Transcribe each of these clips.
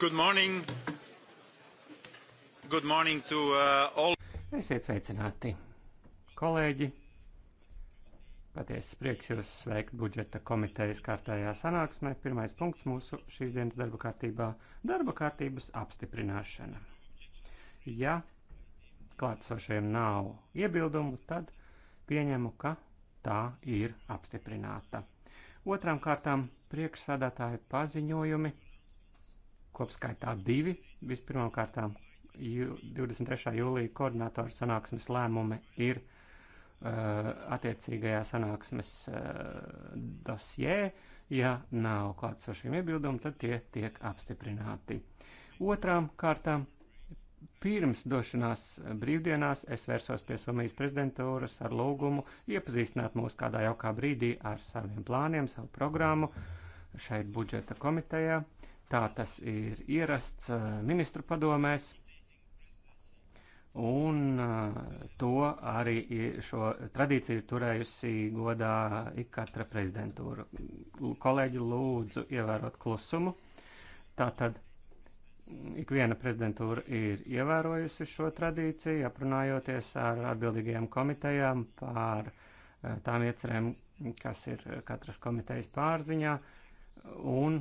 Good morning. Good morning to uh, all. Esiet sveicināti, kolēģi. Patiesi prieks jūs sveikt budžeta komitejas kārtējā sanāksmē. Pirmais punkts mūsu šīs dienas darba kārtībā - darba kārtības apstiprināšana. Ja klātsošajiem nav iebildumu, tad pieņemu, ka tā ir apstiprināta. Otram kārtām priekšsādātāja paziņojumi kopskaitā divi. Vispirmām kārtām 23. jūlija koordinātoru sanāksmes lēmumi ir uh, attiecīgajā sanāksmes uh, dosjē. Ja nav klātsošiem iebildumi, tad tie tiek apstiprināti. Otrām kārtām pirms došanās brīvdienās es vērsos pie Somijas prezidentūras ar lūgumu iepazīstināt mūs kādā jaukā brīdī ar saviem plāniem, savu programmu šeit budžeta komitejā. Tā tas ir ierasts eh, ministru padomēs. Un eh, to arī šo tradīciju turējusi godā ik katra prezidentūra. Kolēģi lūdzu ievērot klusumu. Tātad mm, ik viena prezidentūra ir ievērojusi šo tradīciju, aprunājoties ar atbildīgajām komitejām par eh, tām iecerēm, kas ir katras komitejas pārziņā. Un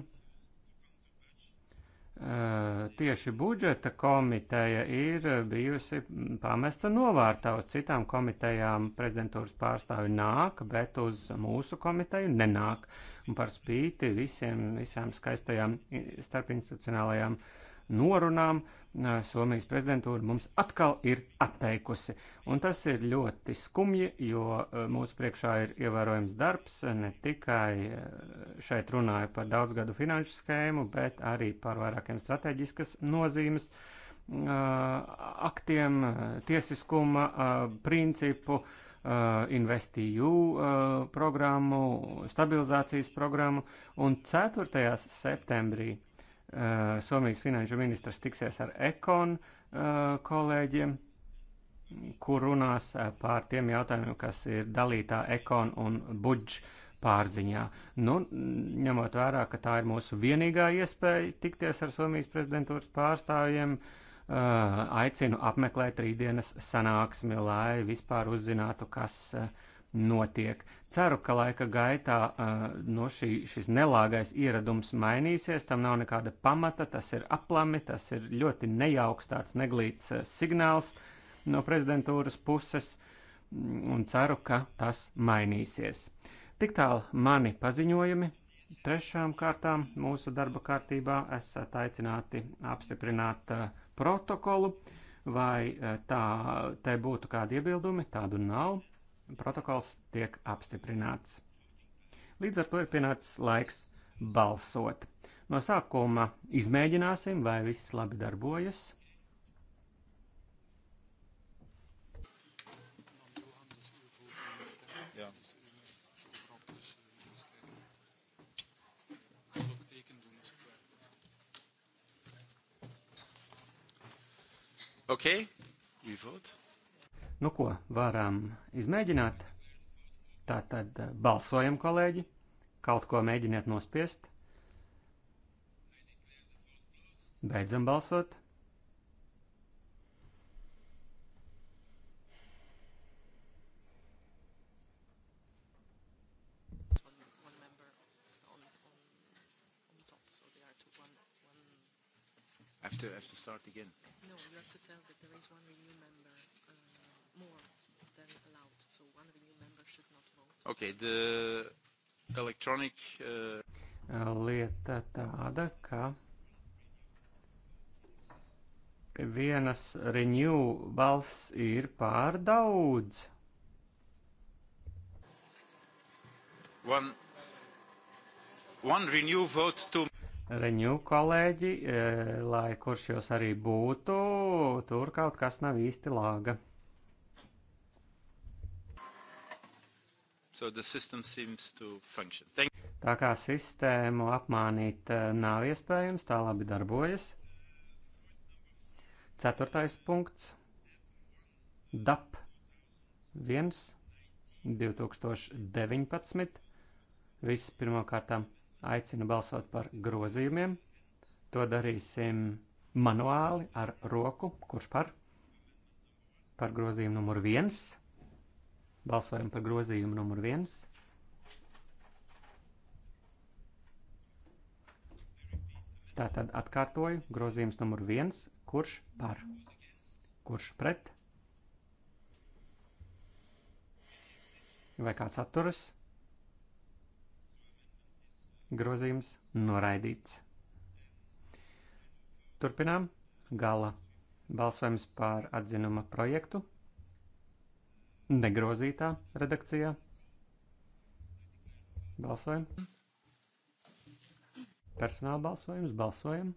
Eh, tieši budžeta komiteja ir bijusi pamesta novārtā uz citām komitejām. Prezidentūras pārstāvi nāk, bet uz mūsu komiteju nenāk. Un par spīti visiem, visām skaistajām starpinstitucionālajām norunām Somijas prezidentūra mums atkal ir atteikusi. Un tas ir ļoti skumji, jo eh, mūsu priekšā ir ievērojams darbs. Ne tikai eh, šeit runāju par daudzgadu finanšu schēmu, bet arī par vairākiem strateģiskas nozīmes eh, aktiem, tiesiskuma principu, investīju programmu, stabilizācijas programmu. Un 4. septembrī Eh, Somijas finanšu ministrs tiksies ar ekon eh, kolēģiem, kur runās eh, pār tiem jautājumiem, kas ir dalītā ekon un budž pārziņā. Nu, ņemot vērā, ka tā ir mūsu vienīgā iespēja tikties ar Somijas prezidentūras pārstāvjiem, aicinu apmeklēt rītdienas sanāksmi, lai vispār uzzinātu, kas ir notiek. Ceru, ka laika gaitā uh, no šī, šis nelāgais ieradums mainīsies, tam nav nekāda pamata, tas ir aplami, tas ir ļoti nejauks tāds neglīts uh, signāls no prezidentūras puses, mm, un ceru, ka tas mainīsies. Tik tālu mani paziņojumi. Trešām kārtām mūsu darba kārtībā esat aicināti apstiprināt uh, protokolu, vai tā, tai būtu kādi iebildumi, tādu nav. Protokols tiek apstiprināts. Līdz ar to ir pienācis laiks balsot. No sākuma izmēģināsim, vai viss labi darbojas. Okay, we vote. Nu ko, varam izmēģināt? Tātad eh, balsojam, kolēģi, kaut ko mēģiniet nospiest. Beidzam balsot. Have to, have to start again. No, you have to tell that there is one renew member more than allowed, so one renew member should not vote. Okay, the electronic... Uh, uh... Lieta tāda, ka vienas renew balss ir pār daudz. One, one renew vote to... Renew kolēģi, uh, lai kurš jūs arī būtu, tur kaut kas nav īsti lāga. So tā kā sistēmu apmānīt eh, nav iespējams, tā labi darbojas. Ceturtais punkts. DAP 1 2019. Viss pirmkārtām aicinu balsot par grozījumiem. To darīsim manuāli ar roku. Kurš par? Par grozījumu numur 1. Balsojam par grozījumu numur viens. Tātad atkārtoju grozījums numur viens. Kurš par? Kurš pret? Vai kāds atturas? Grozījums noraidīts. Turpinām. Gala. Balsojums par atzinuma projektu negrozītā redakcijā. Balsojam. Personāla balsojums. Balsojam.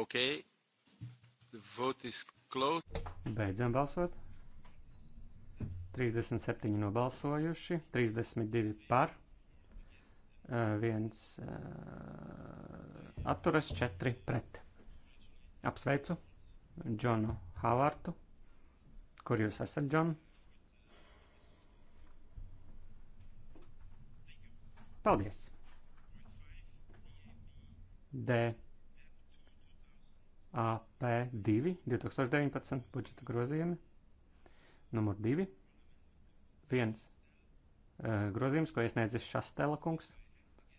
Okay. The vote is closed. Beidzam balsot. 37 nobalsojuši, 32 par, Eh, viens eh, atturas, četri pret. Apsveicu Džonu Havartu. Kur jūs esat, Džon? Paldies! D. AP2 2019 budžeta grozījumi. Numur 2. Viens eh, grozījums, ko iesniedzis Šastela kungs.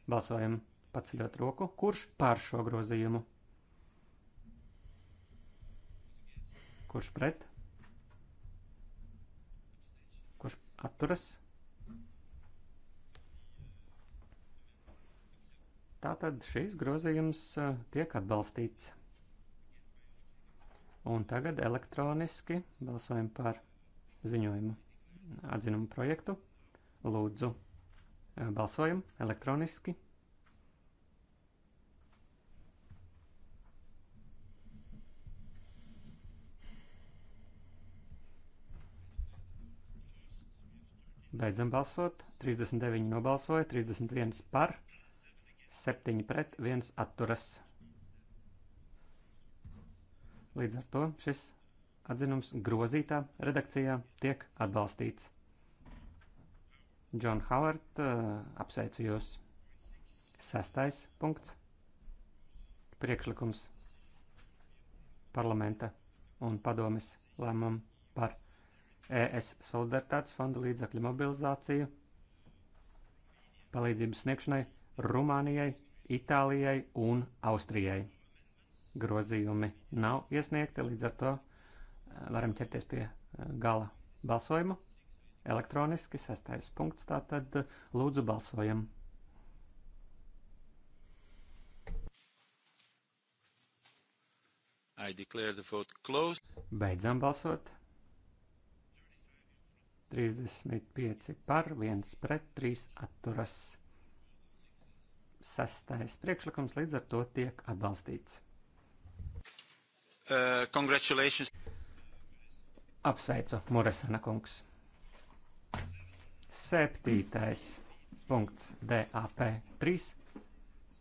Balsojam paceļot roku. Kurš pār šo grozījumu? Kurš pret? Kurš atturas? Tātad šīs grozījums eh, tiek atbalstīts. Un tagad elektroniski balsojam par ziņojumu atzinumu projektu. Lūdzu, Eh, balsojam elektroniski. Beidzam balsot. 39 nobalsoja, 31 par, 7 pret, 1 atturas. Līdz ar to šis atzinums grozītā redakcijā tiek atbalstīts. Džon Howard, apsveicu jūs. Sestais punkts. Priekšlikums parlamenta un padomis lēmumu par ES solidaritātes fonda līdzakļu mobilizāciju palīdzības sniegšanai Rumānijai, Itālijai un Austrijai. Grozījumi nav iesniegti, līdz ar to varam ķerties pie gala balsojumu. Elektroniski sastais punkts, tātad lūdzu balsojam. I declare the vote closed. Beidzam balsot. 35 par, 1 pret, 3 atturas. Sastais priekšlikums līdz ar to tiek atbalstīts. Uh, congratulations! Apsveicu, Muresana kungs! Septītais punkts DAP 3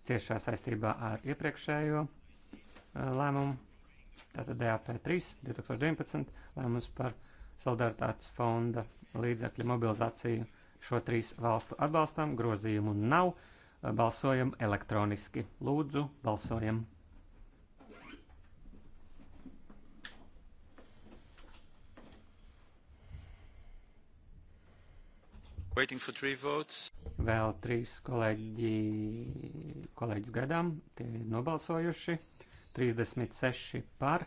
ciešā saistībā ar iepriekšējo eh, lēmumu. Tātad DAP 3 2019 lēmums par solidaritātes fonda līdzekļu mobilizāciju šo trīs valstu atbalstam. Grozījumu nav. Balsojam elektroniski. Lūdzu, balsojam Vēl trīs kolēģi, kolēģis gadām, tie ir nobalsojuši. 36 par,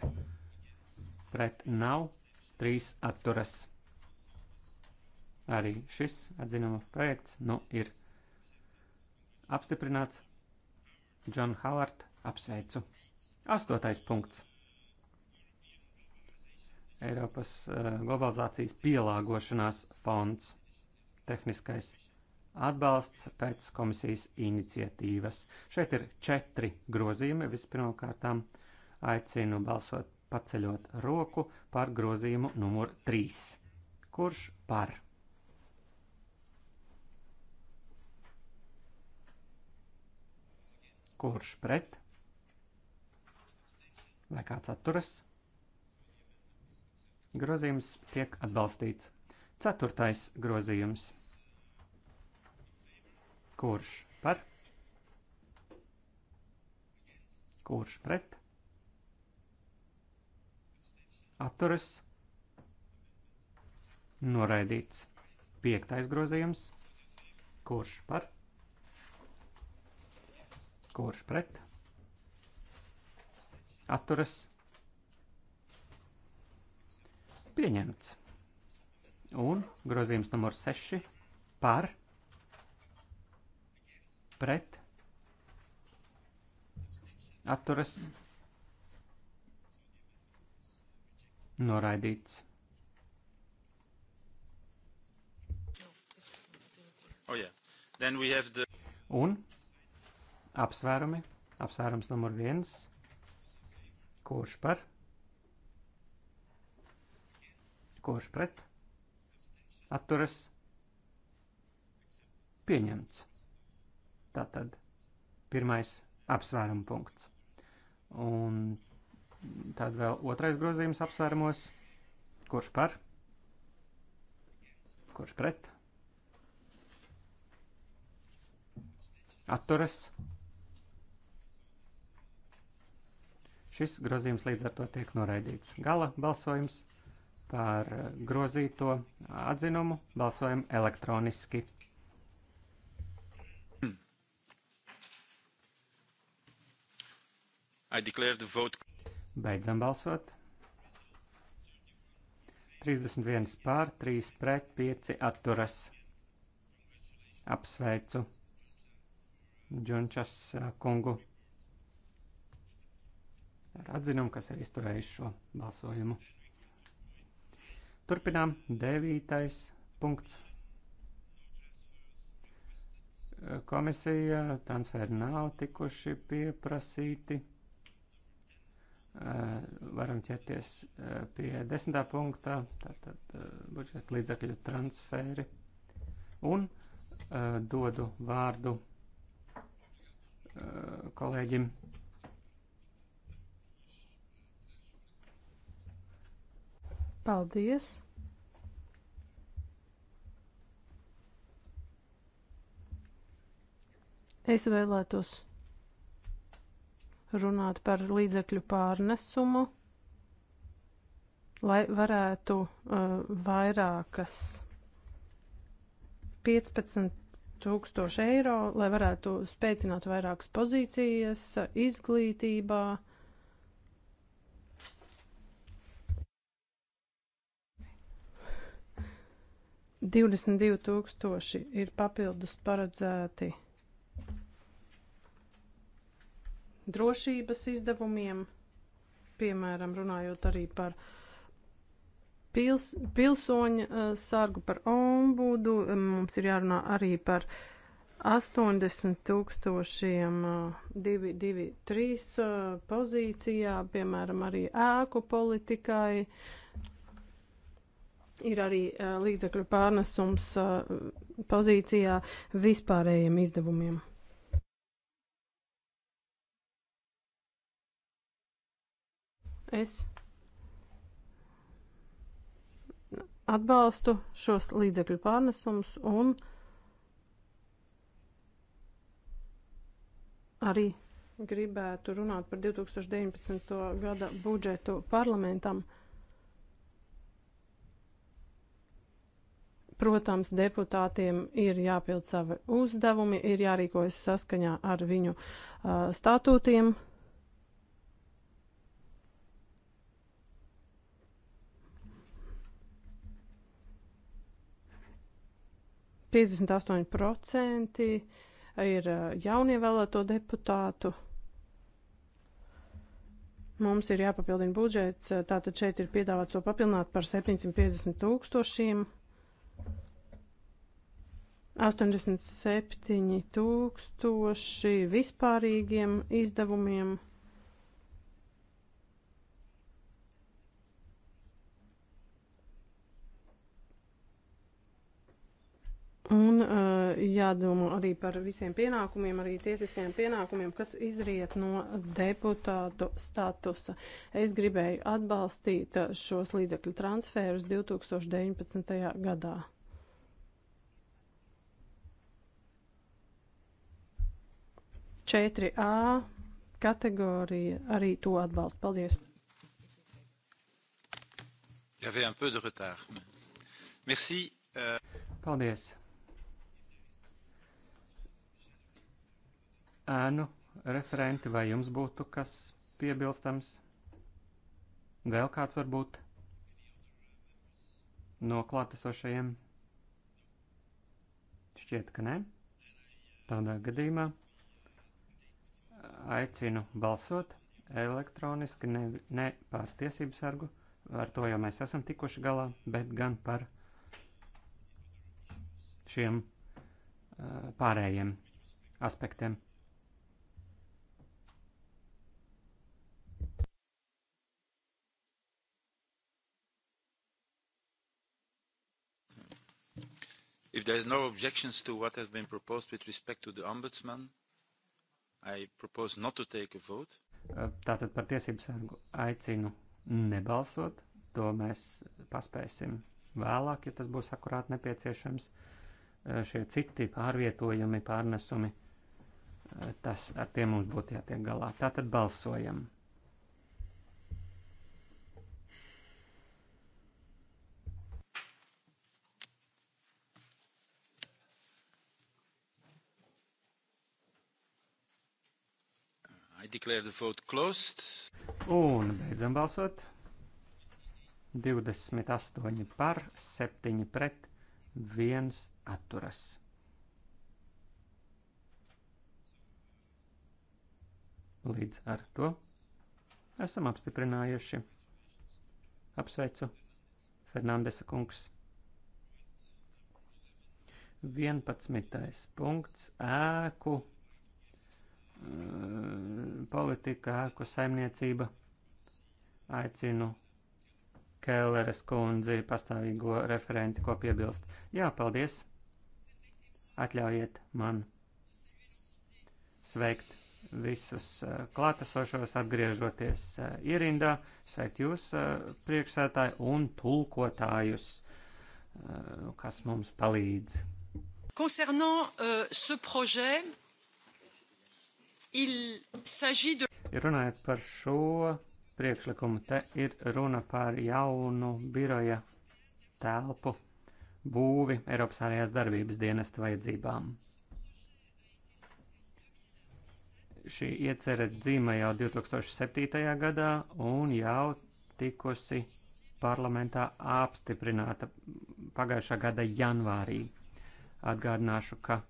pret nav, 3 atturas. Arī šis atzinuma projekts nu ir apstiprināts. John Howard apsveicu. Astotais punkts. Eiropas uh, globalizācijas pielāgošanās fonds tehniskais atbalsts pēc komisijas iniciatīvas. Šeit ir četri grozījumi. Vispirmkārtām aicinu balsot paceļot roku par grozījumu numur 3. Kurš par? Kurš pret? Vai kāds atturas? Grozījums tiek atbalstīts. Ceturtais grozījums. Kurš par? Kurš pret? Atturas. Noraidīts. Piektais grozījums. Kurš par? Kurš pret? Atturas. Pieņemts. Un grozījums numur 6 par pret atturas noraidīts. Oh, yeah. Then we have the... Un apsvērumi, apsvērums numur viens, kurš par, kurš pret, atturas pieņemts. Tātad pirmais apsvērumu punkts. Un tad vēl otrais grozījums apsvērumos. Kurš par? Kurš pret? Atturas. Šis grozījums līdz ar to tiek noraidīts. Gala balsojums par grozīto atzinumu balsojam elektroniski. Beidzam balsot. 31 pār, 3 pret, 5 atturas. Apsveicu Džunčas kungu ar atzinumu, kas ir izturējuši šo balsojumu. Turpinām. Devītais punkts. Komisija transferi nav tikuši pieprasīti. Eh, varam ķerties eh, pie desmitā punktā, tātad eh, budžeta līdzakļu transferi. Un dodu vārdu kolēģim Paldies! Es vēlētos runāt par līdzekļu pārnesumu, lai varētu uh, vairākas 15 tūkstoši eiro, lai varētu spēcināt vairākas pozīcijas izglītībā. Uh, 22 tūkstoši ir papildus paredzēti drošības izdevumiem, piemēram, runājot arī par pils, pilsoņa uh, sargu, par ombudu. Mums ir jārunā arī par 80 tūkstošiem 223 uh, uh, pozīcijā, piemēram, arī ēku politikai. Uh, Ir arī uh, līdzekļu pārnesums uh, pozīcijā vispārējiem izdevumiem. Es atbalstu šos līdzekļu pārnesumus un arī gribētu runāt par 2019. gada budžetu parlamentam. Protams, deputātiem ir jāpild savi uzdevumi, ir jārīkojas saskaņā ar viņu uh, statūtiem. Piecdesmit astoņi procenti ir jaunievēlēto deputātu. Mums ir jāpapildina budžets, tātad šeit ir piedāvāts to papildināt par 750 tūkstošiem. 87 tūkstoši vispārīgiem izdevumiem. Un uh, jādomā arī par visiem pienākumiem, arī tiesiskajiem pienākumiem, kas izriet no deputātu statusa. Es gribēju atbalstīt uh, šos līdzekļu transferus 2019. gadā. 4A kategorija arī to atbalsta. Paldies! J'avais un peu de retard. Merci. Euh... Paldies. Ēnu referenti, vai jums būtu kas piebilstams? Vēl kāds varbūt no klātesošajiem? Šķiet, ka nē. Tādā gadījumā aicinu balsot elektroniski ne, ne par tiesību sargu, ar to jau mēs esam tikuši galā, bet gan par šiem uh, pārējiem aspektiem. If there is no objections to what has been proposed with respect to the Ombudsman, I propose not to take a vote. Eh, tātad par tiesību sargu aicinu nebalsot, to mēs paspēsim vēlāk, ja tas būs akurāt nepieciešams. Eh, šie citi pārvietojumi, pārnesumi, eh, tas ar tiem mums būtu jātiek galā. Tātad balsojam. declare the vote closed. Un beidzam balsot. 28 par, 7 pret, 1 atturas. Līdz ar to esam apstiprinājuši. Apsveicu, Fernandesa kungs. 11. punkts ēku politika, ēku saimniecība. Aicinu Kēleres kundzi, pastāvīgo referenti, ko piebilst. Jā, paldies! Atļaujiet man sveikt visus eh, klātesošos, atgriežoties eh, ierindā, sveikt jūs eh, priekšsētāju un tulkotājus, kas mums palīdz. Concernant euh, ce projet, Ja runājot par šo priekšlikumu, te ir runa par jaunu biroja telpu būvi Eiropas ārējās darbības dienesta vajadzībām. Šī iecerē dzīva jau 2007. gadā un jau tikusi parlamentā apstiprināta pagājušā gada janvārī. Atgādināšu, ka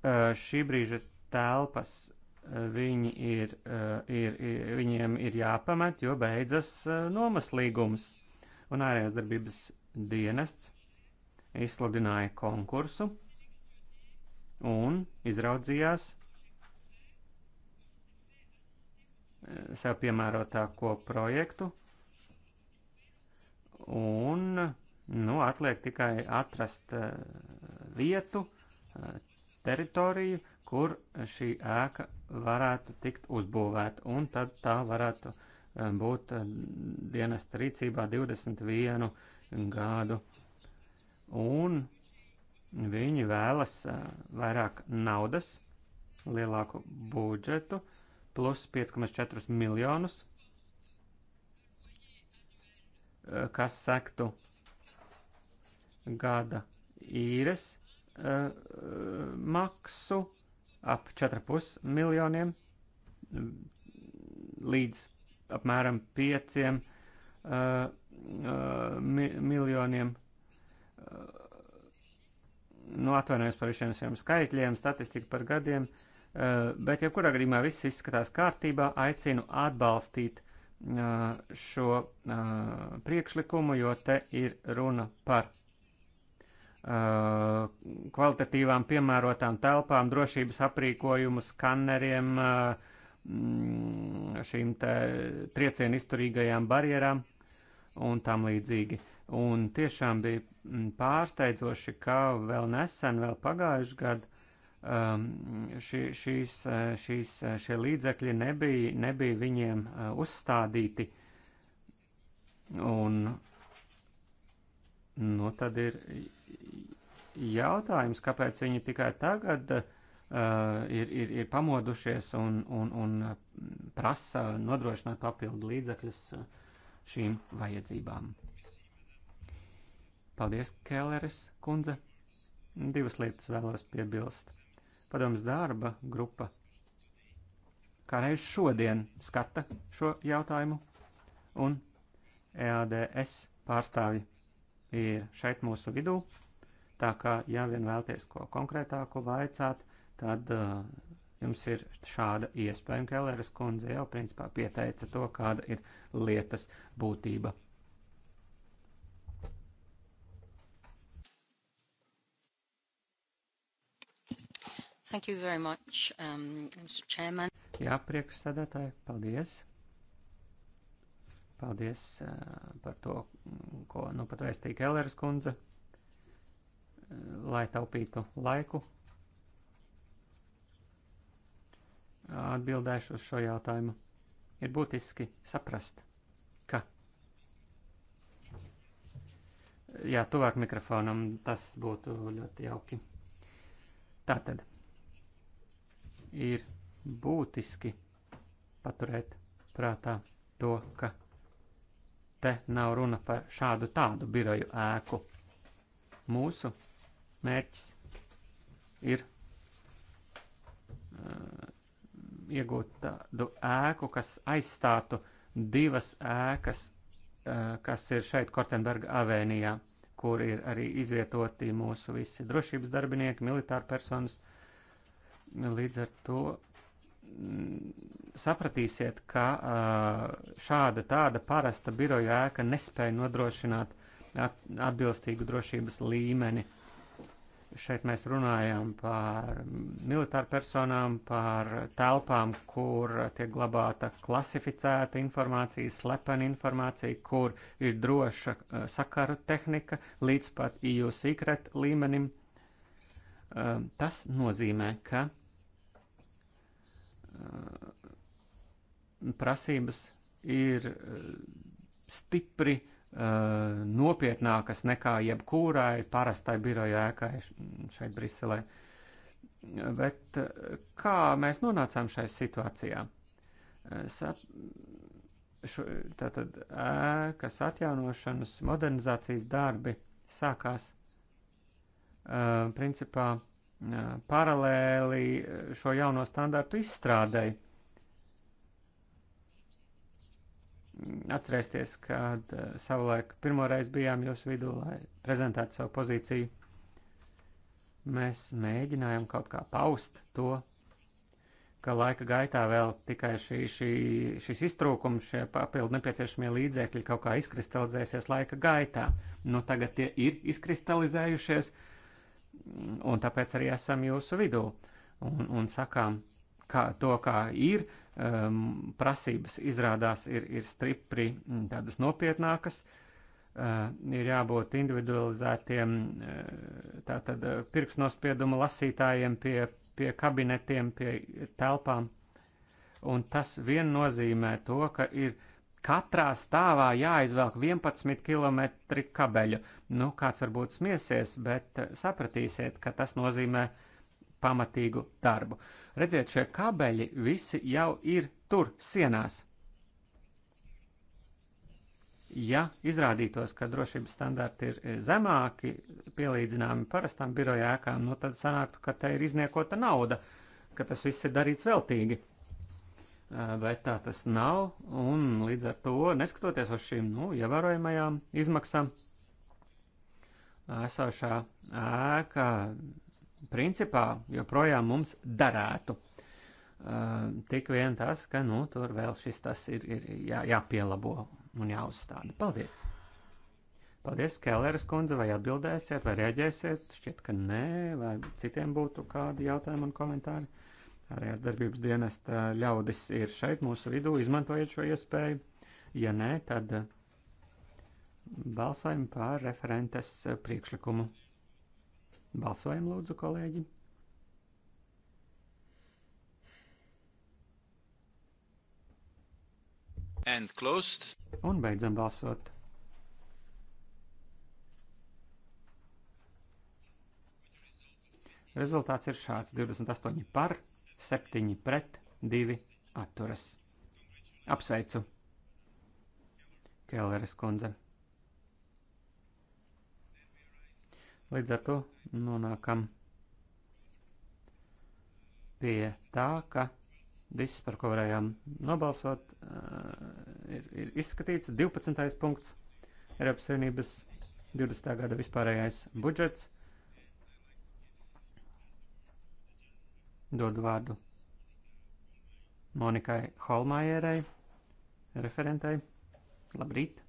Eh, šī brīža telpas eh, viņi ir, eh, ir, ir, viņiem ir jāpamet, jo beidzas nomas līgums. Un ārējās darbības dienests izsludināja konkursu un izraudzījās sev piemērotāko projektu. Un, nu, atliek tikai atrast vietu, teritoriju, kur šī ēka varētu tikt uzbūvēta, un tad tā varētu um, būt um, dienesta rīcībā 21 gadu. Un viņi vēlas uh, vairāk naudas, lielāku budžetu, plus 5,4 miljonus, uh, kas sektu gada īres Eh, maksu ap 4,5 miljoniem mm, līdz apmēram 5 uh, eh, eh, mi miljoniem. Uh, nu, atvainojos par visiem šiem skaitļiem, statistiku par gadiem, uh, bet jebkurā gadījumā viss izskatās kārtībā. Aicinu atbalstīt uh, šo uh, priekšlikumu, jo te ir runa par Uh, kvalitatīvām piemērotām telpām, drošības aprīkojumu, skaneriem, uh, mm, šīm triecienu izturīgajām barjerām un tam līdzīgi. Un tiešām bija mm, pārsteidzoši, ka vēl nesen, vēl pagājuši gadu um, šī, šīs, uh, šīs, šie līdzekļi nebija, nebija viņiem uzstādīti. Un Nu, tad ir jautājums, kāpēc viņi tikai tagad uh, ir, ir, ir pamodušies un, un, un prasa nodrošināt papildu līdzekļus uh, šīm vajadzībām. Paldies, Kelleris kundze. Divas lietas vēlos piebilst. Padoms darba grupa kā reiz šodien skata šo jautājumu un EADS pārstāvji ir šeit mūsu vidū. Tā kā, ja vien vēlties ko konkrētāku vaicāt, tad uh, jums ir šāda iespēja, un Kelleras kundze jau principā pieteica to, kāda ir lietas būtība. Thank you very much, um, Mr. Chairman. Jā, priekšsēdētāji, paldies. Paldies par to, ko nu pat vēstīja Kelleras kundze, lai taupītu laiku. Atbildēšu uz šo jautājumu. Ir būtiski saprast, ka. Jā, tuvāk mikrofonam tas būtu ļoti jauki. Tātad ir būtiski paturēt prātā to, ka Te nav runa par šādu tādu biroju ēku. Mūsu mērķis ir uh, iegūt tādu ēku, kas aizstātu divas ēkas, uh, kas ir šeit Kortenberga avēnijā, kur ir arī izvietoti mūsu visi drošības darbinieki, militāri personas. Līdz ar to Mm, sapratīsiet, ka šāda tāda parasta biroja ēka nespēja nodrošināt atbilstīgu drošības līmeni. Šeit mēs runājam par militāru personām, par telpām, kur tiek glabāta klasificēta informācija, slepena informācija, kur ir droša sakaru tehnika līdz pat EU secret līmenim. Tas nozīmē, ka Uh, prasības ir uh, stipri uh, nopietnākas nekā jebkurai parastai biroja ēkai šeit Briselē. Bet kā mēs nonācām šai situācijā? Sat, šo, tātad ēkas atjaunošanas modernizācijas darbi sākās principā paralēli eh, šo jauno standartu izstrādēji. Atcerēsties, kad eh, savulaik pirmoreiz bijām jūsu vidū, lai prezentētu savu pozīciju. Mēs mēģinājām kaut kā paust to, ka laika gaitā vēl tikai šī, šī, šis iztrūkums, šie papildu nepieciešamie līdzekļi kaut kā izkristalizēsies laika gaitā. Nu, tagad tie ir izkristalizējušies, uh, un tāpēc arī esam jūsu vidū un, un sakām kā, to, kā ir. Um, prasības izrādās ir, ir stripri mm, tādas nopietnākas, uh, ir jābūt individualizētiem uh, tātad uh, pirksnospieduma lasītājiem pie, pie kabinetiem, pie telpām. Un tas vien nozīmē to, ka ir uh, Katrā stāvā jāizvelk 11 km kabeļu. Nu, kāds varbūt smiesies, bet eh, sapratīsiet, ka tas nozīmē pamatīgu darbu. Redziet, šie kabeļi visi jau ir tur sienās. Ja izrādītos, ka drošības standarti ir eh, zemāki, pielīdzināmi parastām biroja ēkām, nu tad sanāktu, ka te ir izniekota nauda, ka tas viss ir darīts veltīgi bet eh, tā tas nav, un līdz ar to, neskatoties uz šīm, nu, ievērojamajām izmaksām, esošā ēka principā joprojām mums darētu. Eh, tik vien tas, ka, nu, tur vēl šis tas ir, ir jā, jāpielabo un jāuzstāda. Paldies! Paldies, Kelleres kundze, vai atbildēsiet, vai reaģēsiet? Šķiet, ka nē, vai citiem būtu kādi jautājumi un komentāri ārējās darbības dienesta eh, ļaudis ir šeit mūsu vidū, izmantojiet šo iespēju. Ja nē, tad eh, balsojam par referentes eh, priekšlikumu. Balsojam, lūdzu, kolēģi! And closed. Un beidzam balsot. Rezultāts ir šāds - 28 par, 7 pret, 2 atturas. Apsveicu, Kelleres kundze. Līdz ar to nonākam pie tā, ka viss, par ko varējām nobalsot, eh, ir, ir izskatīts 12. punkts Eiropas Savienības 20. gada vispārējais budžets – Dod vārdu Monikai Holmājerai, referentei. Labrīt!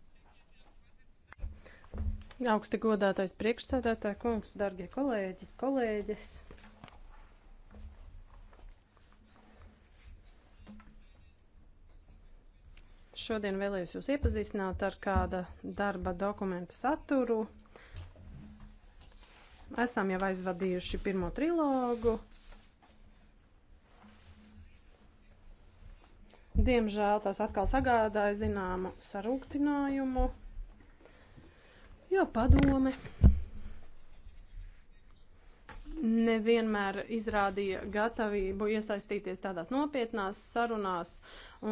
Augsti godātais priekšstādātāja kungs, dargie kolēģi, kolēģis. Šodien vēlējos jūs iepazīstināt ar kāda darba dokumentu saturu. Esam jau aizvadījuši pirmo trilogu. Diemžēl tas atkal sagādāja zināmu sarūktinājumu, jo padome nevienmēr izrādīja gatavību iesaistīties tādās nopietnās sarunās,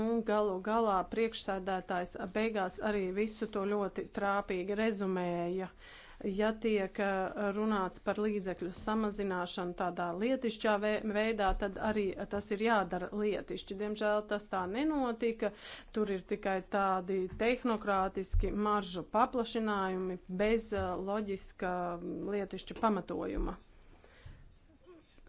un galu galā priekšsēdētājs beigās arī visu to ļoti trāpīgi rezumēja. Uh, ja tiek eh, runāts par līdzekļu samazināšanu tādā lietišķā veidā, tad arī tas ir jādara lietišķi. Diemžēl tas tā nenotika. Tur ir tikai tādi tehnokrātiski maržu paplašinājumi bez eh, loģiska mm, lietišķa pamatojuma.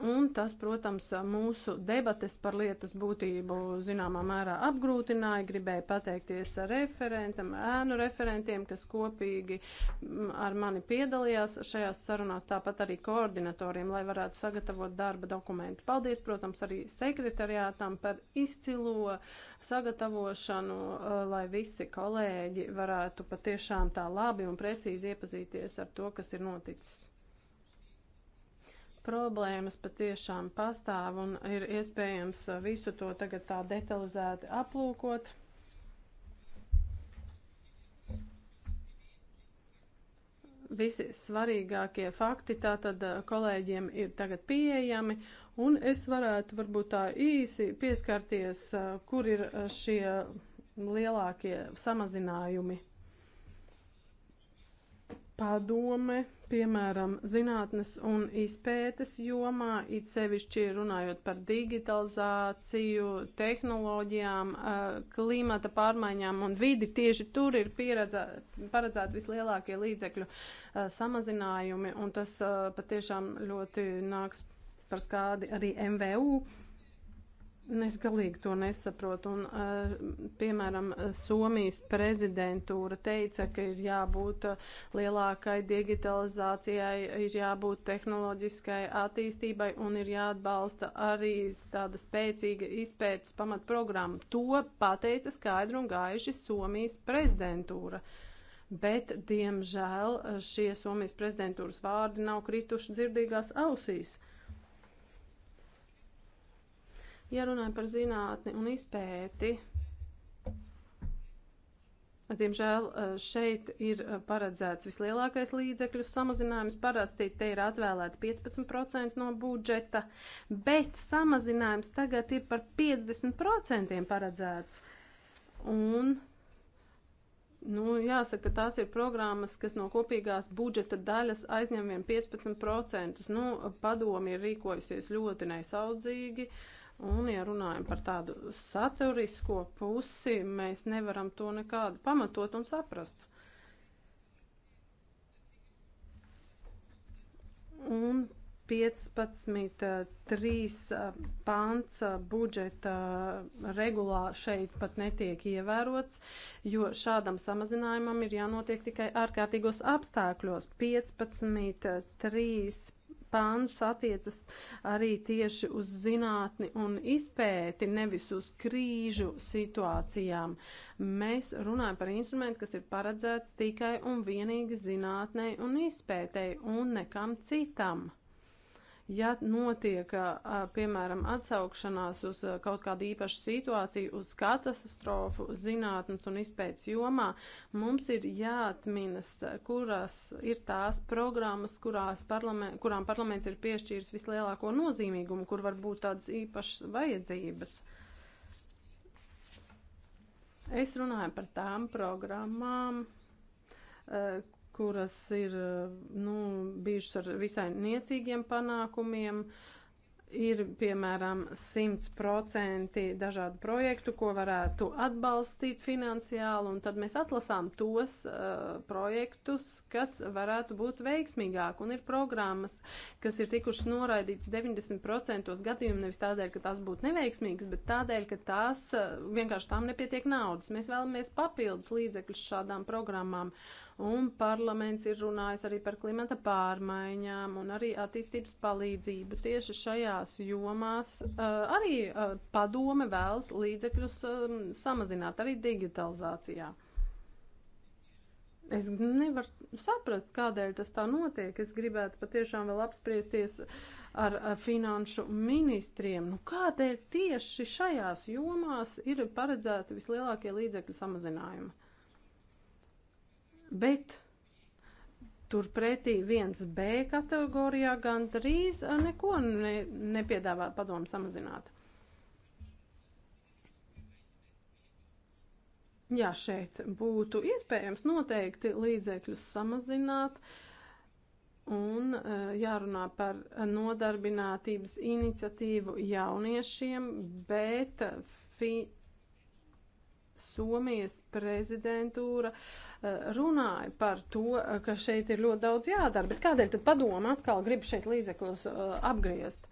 Un tas, protams, mūsu debates par lietas būtību zināmā mērā apgrūtināja. Gribēju pateikties referentam, ēnu referentiem, kas kopīgi mm, ar mani piedalījās šajās sarunās, tāpat arī koordinatoriem, lai varētu sagatavot darba dokumentu. Paldies, protams, arī sekretariātam par izcilo sagatavošanu, eh, lai visi kolēģi varētu patiešām tā labi un precīzi iepazīties ar to, kas ir noticis problēmas patiešām pastāv un ir iespējams visu to tagad tā detalizēti aplūkot. Visi svarīgākie fakti tātad eh, kolēģiem ir tagad pieejami, un es varētu varbūt tā īsi pieskarties, eh, kur ir eh, šie lielākie samazinājumi padome, piemēram, zinātnes un izpētes jomā, it sevišķi runājot par digitalizāciju, tehnoloģijām, eh, klimata pārmaiņām un vidi, tieši tur ir pieredzē, paredzēti vislielākie līdzekļu eh, samazinājumi, un tas eh, patiešām ļoti nāks par skādi arī MVU. Es galīgi to nesaprotu. Un, piemēram, Somijas prezidentūra teica, ka ir jābūt lielākai digitalizācijai, ir jābūt tehnoloģiskai attīstībai un ir jāatbalsta arī tāda spēcīga izpētes pamatprogramma. To pateica skaidri un gaiši Somijas prezidentūra. Bet, diemžēl, šie Somijas prezidentūras vārdi nav krituši dzirdīgās ausīs. Uh, Ja runājam par zinātni un izpēti, Diemžēl e, šeit ir e, paredzēts vislielākais līdzekļu samazinājums. Parasti te ir atvēlēti 15% no budžeta, bet samazinājums tagad ir par 50% paredzēts. Un, nu, jāsaka, tās ir programmas, kas no kopīgās budžeta daļas aizņem vien 15%. Nu, padomi ir rīkojusies ļoti neisaudzīgi. Uh, Un, ja runājam par tādu saturisko pusi, mēs nevaram to nekādu pamatot un saprast. Un 15.3. Eh, pāns eh, budžeta eh, regulā šeit pat netiek ievērots, jo šādam samazinājumam ir jānotiek tikai ārkārtīgos apstākļos. 15.3 pants attiecas arī tieši uz zinātni un izpēti, nevis uz krīžu situācijām. Mēs runājam par instrumentu, kas ir paredzēts tikai un vienīgi zinātnei un izpētei un nekam citam. Ja notiek, piemēram, atsaukšanās uz kaut kādu īpašu situāciju, uz katastrofu zinātnes un izpētes jomā, mums ir jāatminas, kuras ir tās programmas, parlament, kurām parlaments ir piešķīris vislielāko nozīmīgumu, kur var būt tādas īpašas vajadzības. Es runāju par tām programmām, kuras ir eh, nu, bijušas ar visai niecīgiem panākumiem. Ir piemēram 100% dažādu projektu, ko varētu atbalstīt finansiāli, un tad mēs atlasām tos uh, projektus, kas varētu būt veiksmīgāk. Un ir programmas, kas ir tikušas noraidītas 90% gadījumu nevis tādēļ, ka tās būtu neveiksmīgas, bet tādēļ, ka tās uh, vienkārši tām nepietiek naudas. Mēs vēlamies papildus līdzekļus šādām programmām. Uh, un parlaments ir runājis arī par klimata pārmaiņām un arī attīstības palīdzību. Tieši šajās jomās uh, arī uh, padome vēlas līdzekļus uh, samazināt arī digitalizācijā. Es nevaru saprast, kādēļ tas tā notiek. Es gribētu patiešām vēl apspriesties ar uh, finanšu ministriem. Nu, kādēļ tieši šajās jomās ir paredzēti vislielākie līdzekļu samazinājumi? bet turpretī 1B kategorijā gandrīz neko ne, nepiedāvā padomu samazināt. Jā, šeit būtu iespējams noteikti līdzekļus samazināt un e, jārunā par nodarbinātības iniciatīvu jauniešiem, bet fi Somijas prezidentūra eh, runāja par to, eh, ka šeit ir ļoti daudz jādara, bet kādēļ tad padoma atkal grib šeit līdzekļus eh, apgriezt?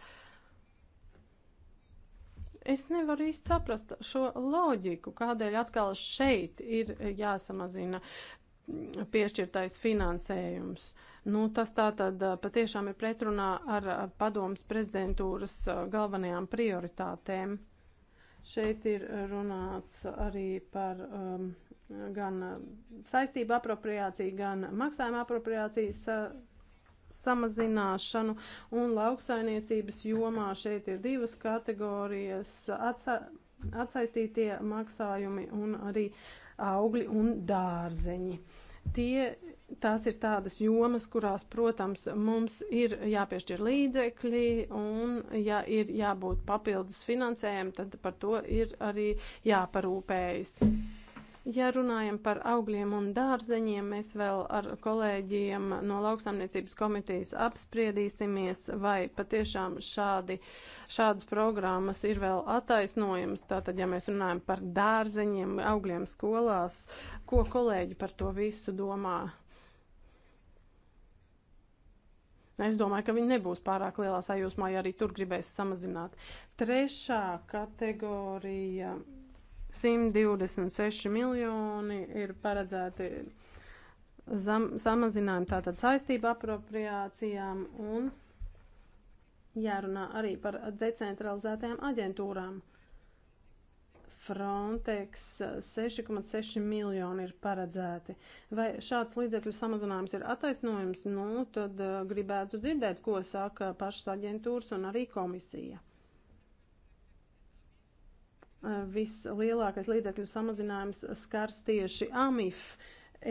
Es nevaru īsti saprast šo loģiku, kādēļ atkal šeit ir jāsamazina mm, piešķirtais finansējums. Nu, tas tā tad patiešām ir pretrunā ar padomas prezidentūras galvenajām prioritātēm. Šeit ir runāts arī par um, gan saistību apropriāciju, gan maksājuma apropriācijas sa samazināšanu un lauksainiecības jomā šeit ir divas kategorijas atsa atsaistītie maksājumi un arī augļi un dārzeņi. Uh, Tie, tās ir tādas jomas, kurās, protams, mums ir jāpiešķir līdzekļi un, ja ir jābūt papildus finansējumam, tad par to ir arī jāparūpējas. Mm. Ja runājam par augļiem un dārzeņiem, mēs vēl ar kolēģiem no lauksamniecības komitejas apspriedīsimies, vai patiešām šādi, šādas programmas ir vēl attaisnojums. Tātad, ja mēs runājam par dārzeņiem, augļiem skolās, ko kolēģi par to visu domā? Es domāju, ka viņi nebūs pārāk lielā sajūsmā, ja arī tur gribēs samazināt. Trešā kategorija 126 miljoni ir paredzēti zam, samazinājumi tātad saistību apropriācijām un jārunā arī par decentralizētajām aģentūrām. Frontex 6,6 miljoni ir paredzēti. Vai šāds līdzekļu samazinājums ir attaisnojums? Nu, tad eh, gribētu dzirdēt, ko saka pašas aģentūras un arī komisija vislielākais līdzekļu samazinājums skars tieši AMIF.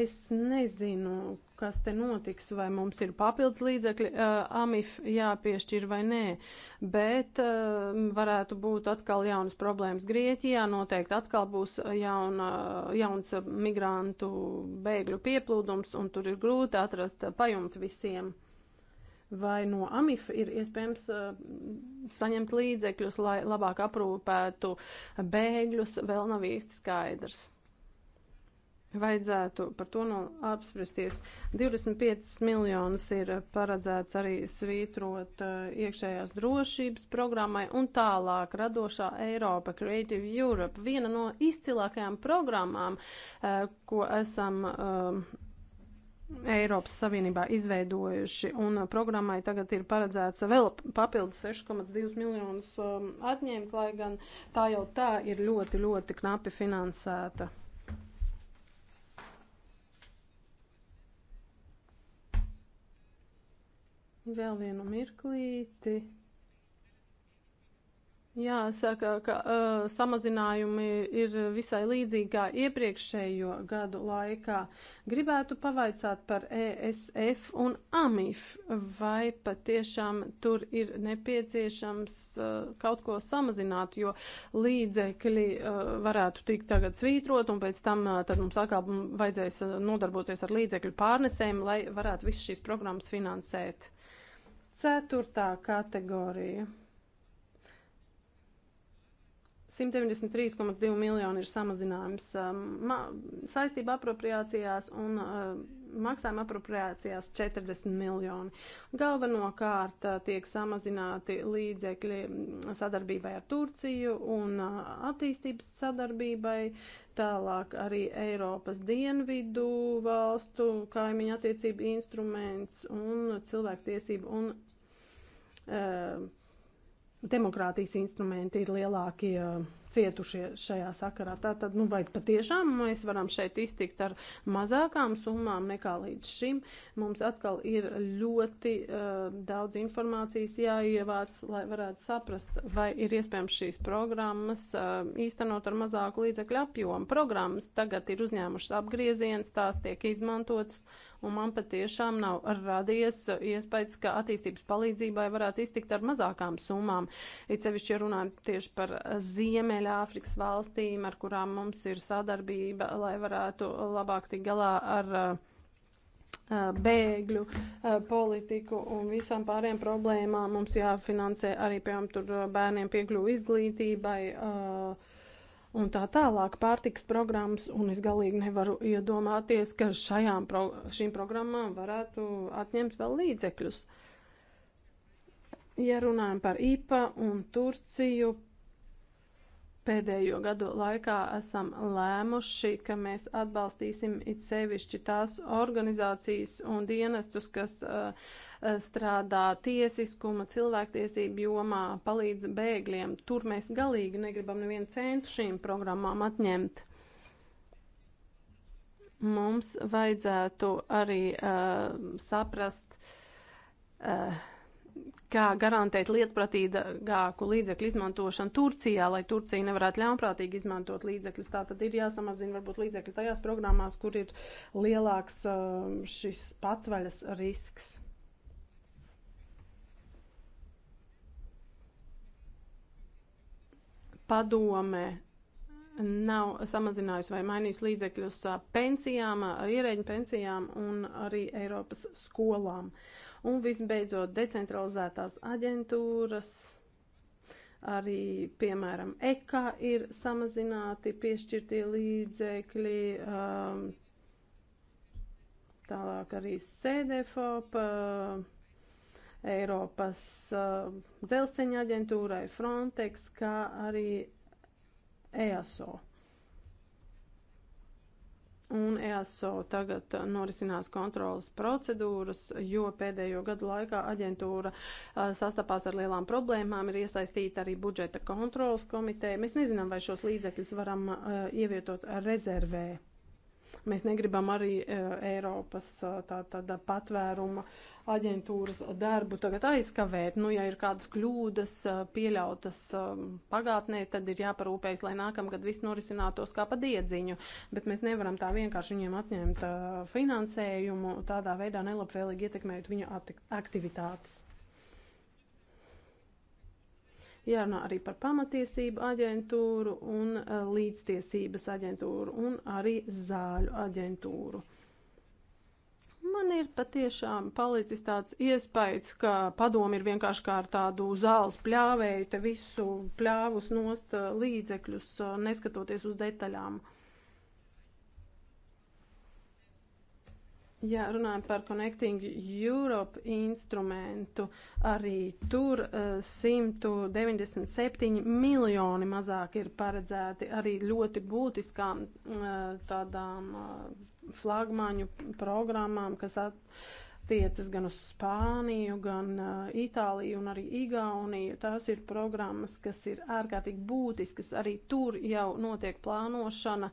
Es nezinu, kas te notiks, vai mums ir papildus līdzekļi uh, AMIF jāpiešķir vai nē, bet uh, varētu būt atkal jaunas problēmas Grieķijā, noteikti atkal būs jauna, jauns migrantu bēgļu pieplūdums, un tur ir grūti atrast pajumti visiem vai no AMIF ir iespējams uh, saņemt līdzekļus, lai labāk aprūpētu bēgļus, vēl nav īsti skaidrs. Vajadzētu par to nu apspriesties. 25 miljonus ir paredzēts arī svītrot uh, iekšējās drošības programmai un tālāk radošā Eiropa, Creative Europe, viena no izcilākajām programmām, uh, ko esam uh, Eiropas Savienībā izveidojuši, un programmai tagad ir paredzēts vēl papildus 6,2 miljonus um, atņemt, lai gan tā jau tā ir ļoti, ļoti knapi finansēta. Vēl vienu mirklīti. Jāsaka, ka uh, samazinājumi ir visai līdzīgi kā iepriekšējo gadu laikā. Gribētu pavaicāt par ESF un AMIF, vai patiešām tur ir nepieciešams uh, kaut ko samazināt, jo līdzekļi uh, varētu tikt tagad svītrot, un pēc tam uh, tad mums atkal vajadzēs uh, nodarboties ar līdzekļu pārnesēm, lai varētu visu šīs programmas finansēt. Ceturtā kategorija 193,2 miljoni ir samazinājums um, ma, saistība apropriācijās un uh, maksājuma apropriācijās 40 miljoni. Galvenokārt uh, tiek samazināti līdzekļi mm, sadarbībai ar Turciju un uh, attīstības sadarbībai, tālāk arī Eiropas dienvidu valstu kaimiņu attiecību instruments un cilvēktiesību un. Uh, demokrātijas instrumenti ir lielākie uh, cietušie šajā sakarā. Tātad, nu, vai patiešām mēs varam šeit iztikt ar mazākām summām nekā līdz šim? Mums atkal ir ļoti uh, daudz informācijas jāievāc, lai varētu saprast, vai ir iespējams šīs programmas uh, īstenot ar mazāku līdzekļu apjomu. Programmas tagad ir uzņēmušas apgrieziens, tās tiek izmantotas un man patiešām nav radies iespējas, ka attīstības palīdzībai varētu iztikt ar mazākām summām. It sevišķi, ja runājam tieši par Ziemeļāfrikas valstīm, ar kurām mums ir sadarbība, lai varētu labāk tikt galā ar uh, uh, bēgļu uh, politiku un visām pārējām problēmām. Mums jāfinansē arī, piemēram, tur bērniem piekļuvu izglītībai. Uh, un tā tālāk pārtiks programmas, un es galīgi nevaru iedomāties, ka šajām pro, šīm programmām varētu atņemt vēl līdzekļus. Ja runājam par IPA un Turciju, Pēdējo gadu laikā esam lēmuši, ka mēs atbalstīsim it sevišķi tās organizācijas un dienestus, kas uh, strādā tiesiskuma, cilvēktiesību jomā, palīdz bēgļiem. Tur mēs galīgi negribam nevienu centu šīm programmām atņemt. Mums vajadzētu arī uh, saprast, uh, kā garantēt lietpratīgāku līdzekļu izmantošanu Turcijā, lai Turcija nevarētu ļaunprātīgi izmantot līdzekļus. Tā tad ir jāsamazina varbūt līdzekļi tajās programmās, kur ir lielāks uh, šis patvaļas risks. Padome nav samazinājusi vai mainījusi līdzekļus uh, pensijām, uh, ierēģu pensijām un arī Eiropas skolām. Uh, Un visbeidzot, decentralizētās aģentūras, arī, piemēram, EKA ir samazināti piešķirtie līdzekļi. Um, Tālāk arī CDFOP, uh, Eiropas uh, dzelzceņa aģentūrai Frontex, kā arī EASO un EASO tagad norisinās kontrolas procedūras, jo pēdējo gadu laikā aģentūra a, sastapās ar lielām problēmām, ir iesaistīta arī budžeta kontrolas komiteja. Mēs nezinām, vai šos līdzekļus varam a, ievietot rezervē. Mēs negribam arī e, Eiropas e, tā, tāda patvēruma aģentūras darbu tagad aizkavēt. Nu, ja ir kādas kļūdas e, pieļautas pagātnē, tad ir jāparūpējas, lai nākamgad viss norisinātos kā pa diedziņu. Bet mēs nevaram tā vienkārši viņiem atņemt finansējumu, tādā veidā nelabvēlīgi ietekmējot viņu aktivitātes jārunā arī par pamatiesību aģentūru un eh, līdztiesības aģentūru un arī zāļu aģentūru. Man ir patiešām palicis tāds iespējas, ka padomi ir vienkārši kā ar tādu zāles pļāvēju, te visu pļāvus nost eh, līdzekļus, eh, neskatoties uz detaļām. Uh, Ja runājam par Connecting Europe instrumentu, arī tur uh, eh, 197 miljoni mazāk ir paredzēti arī ļoti būtiskām uh, tādām uh, flagmaņu programmām, kas at, uh, attiecas gan uz Spāniju, gan uh, Itāliju un arī Igauniju. Tās ir programmas, kas ir ārkārtīgi būtiskas. Arī tur jau notiek plānošana,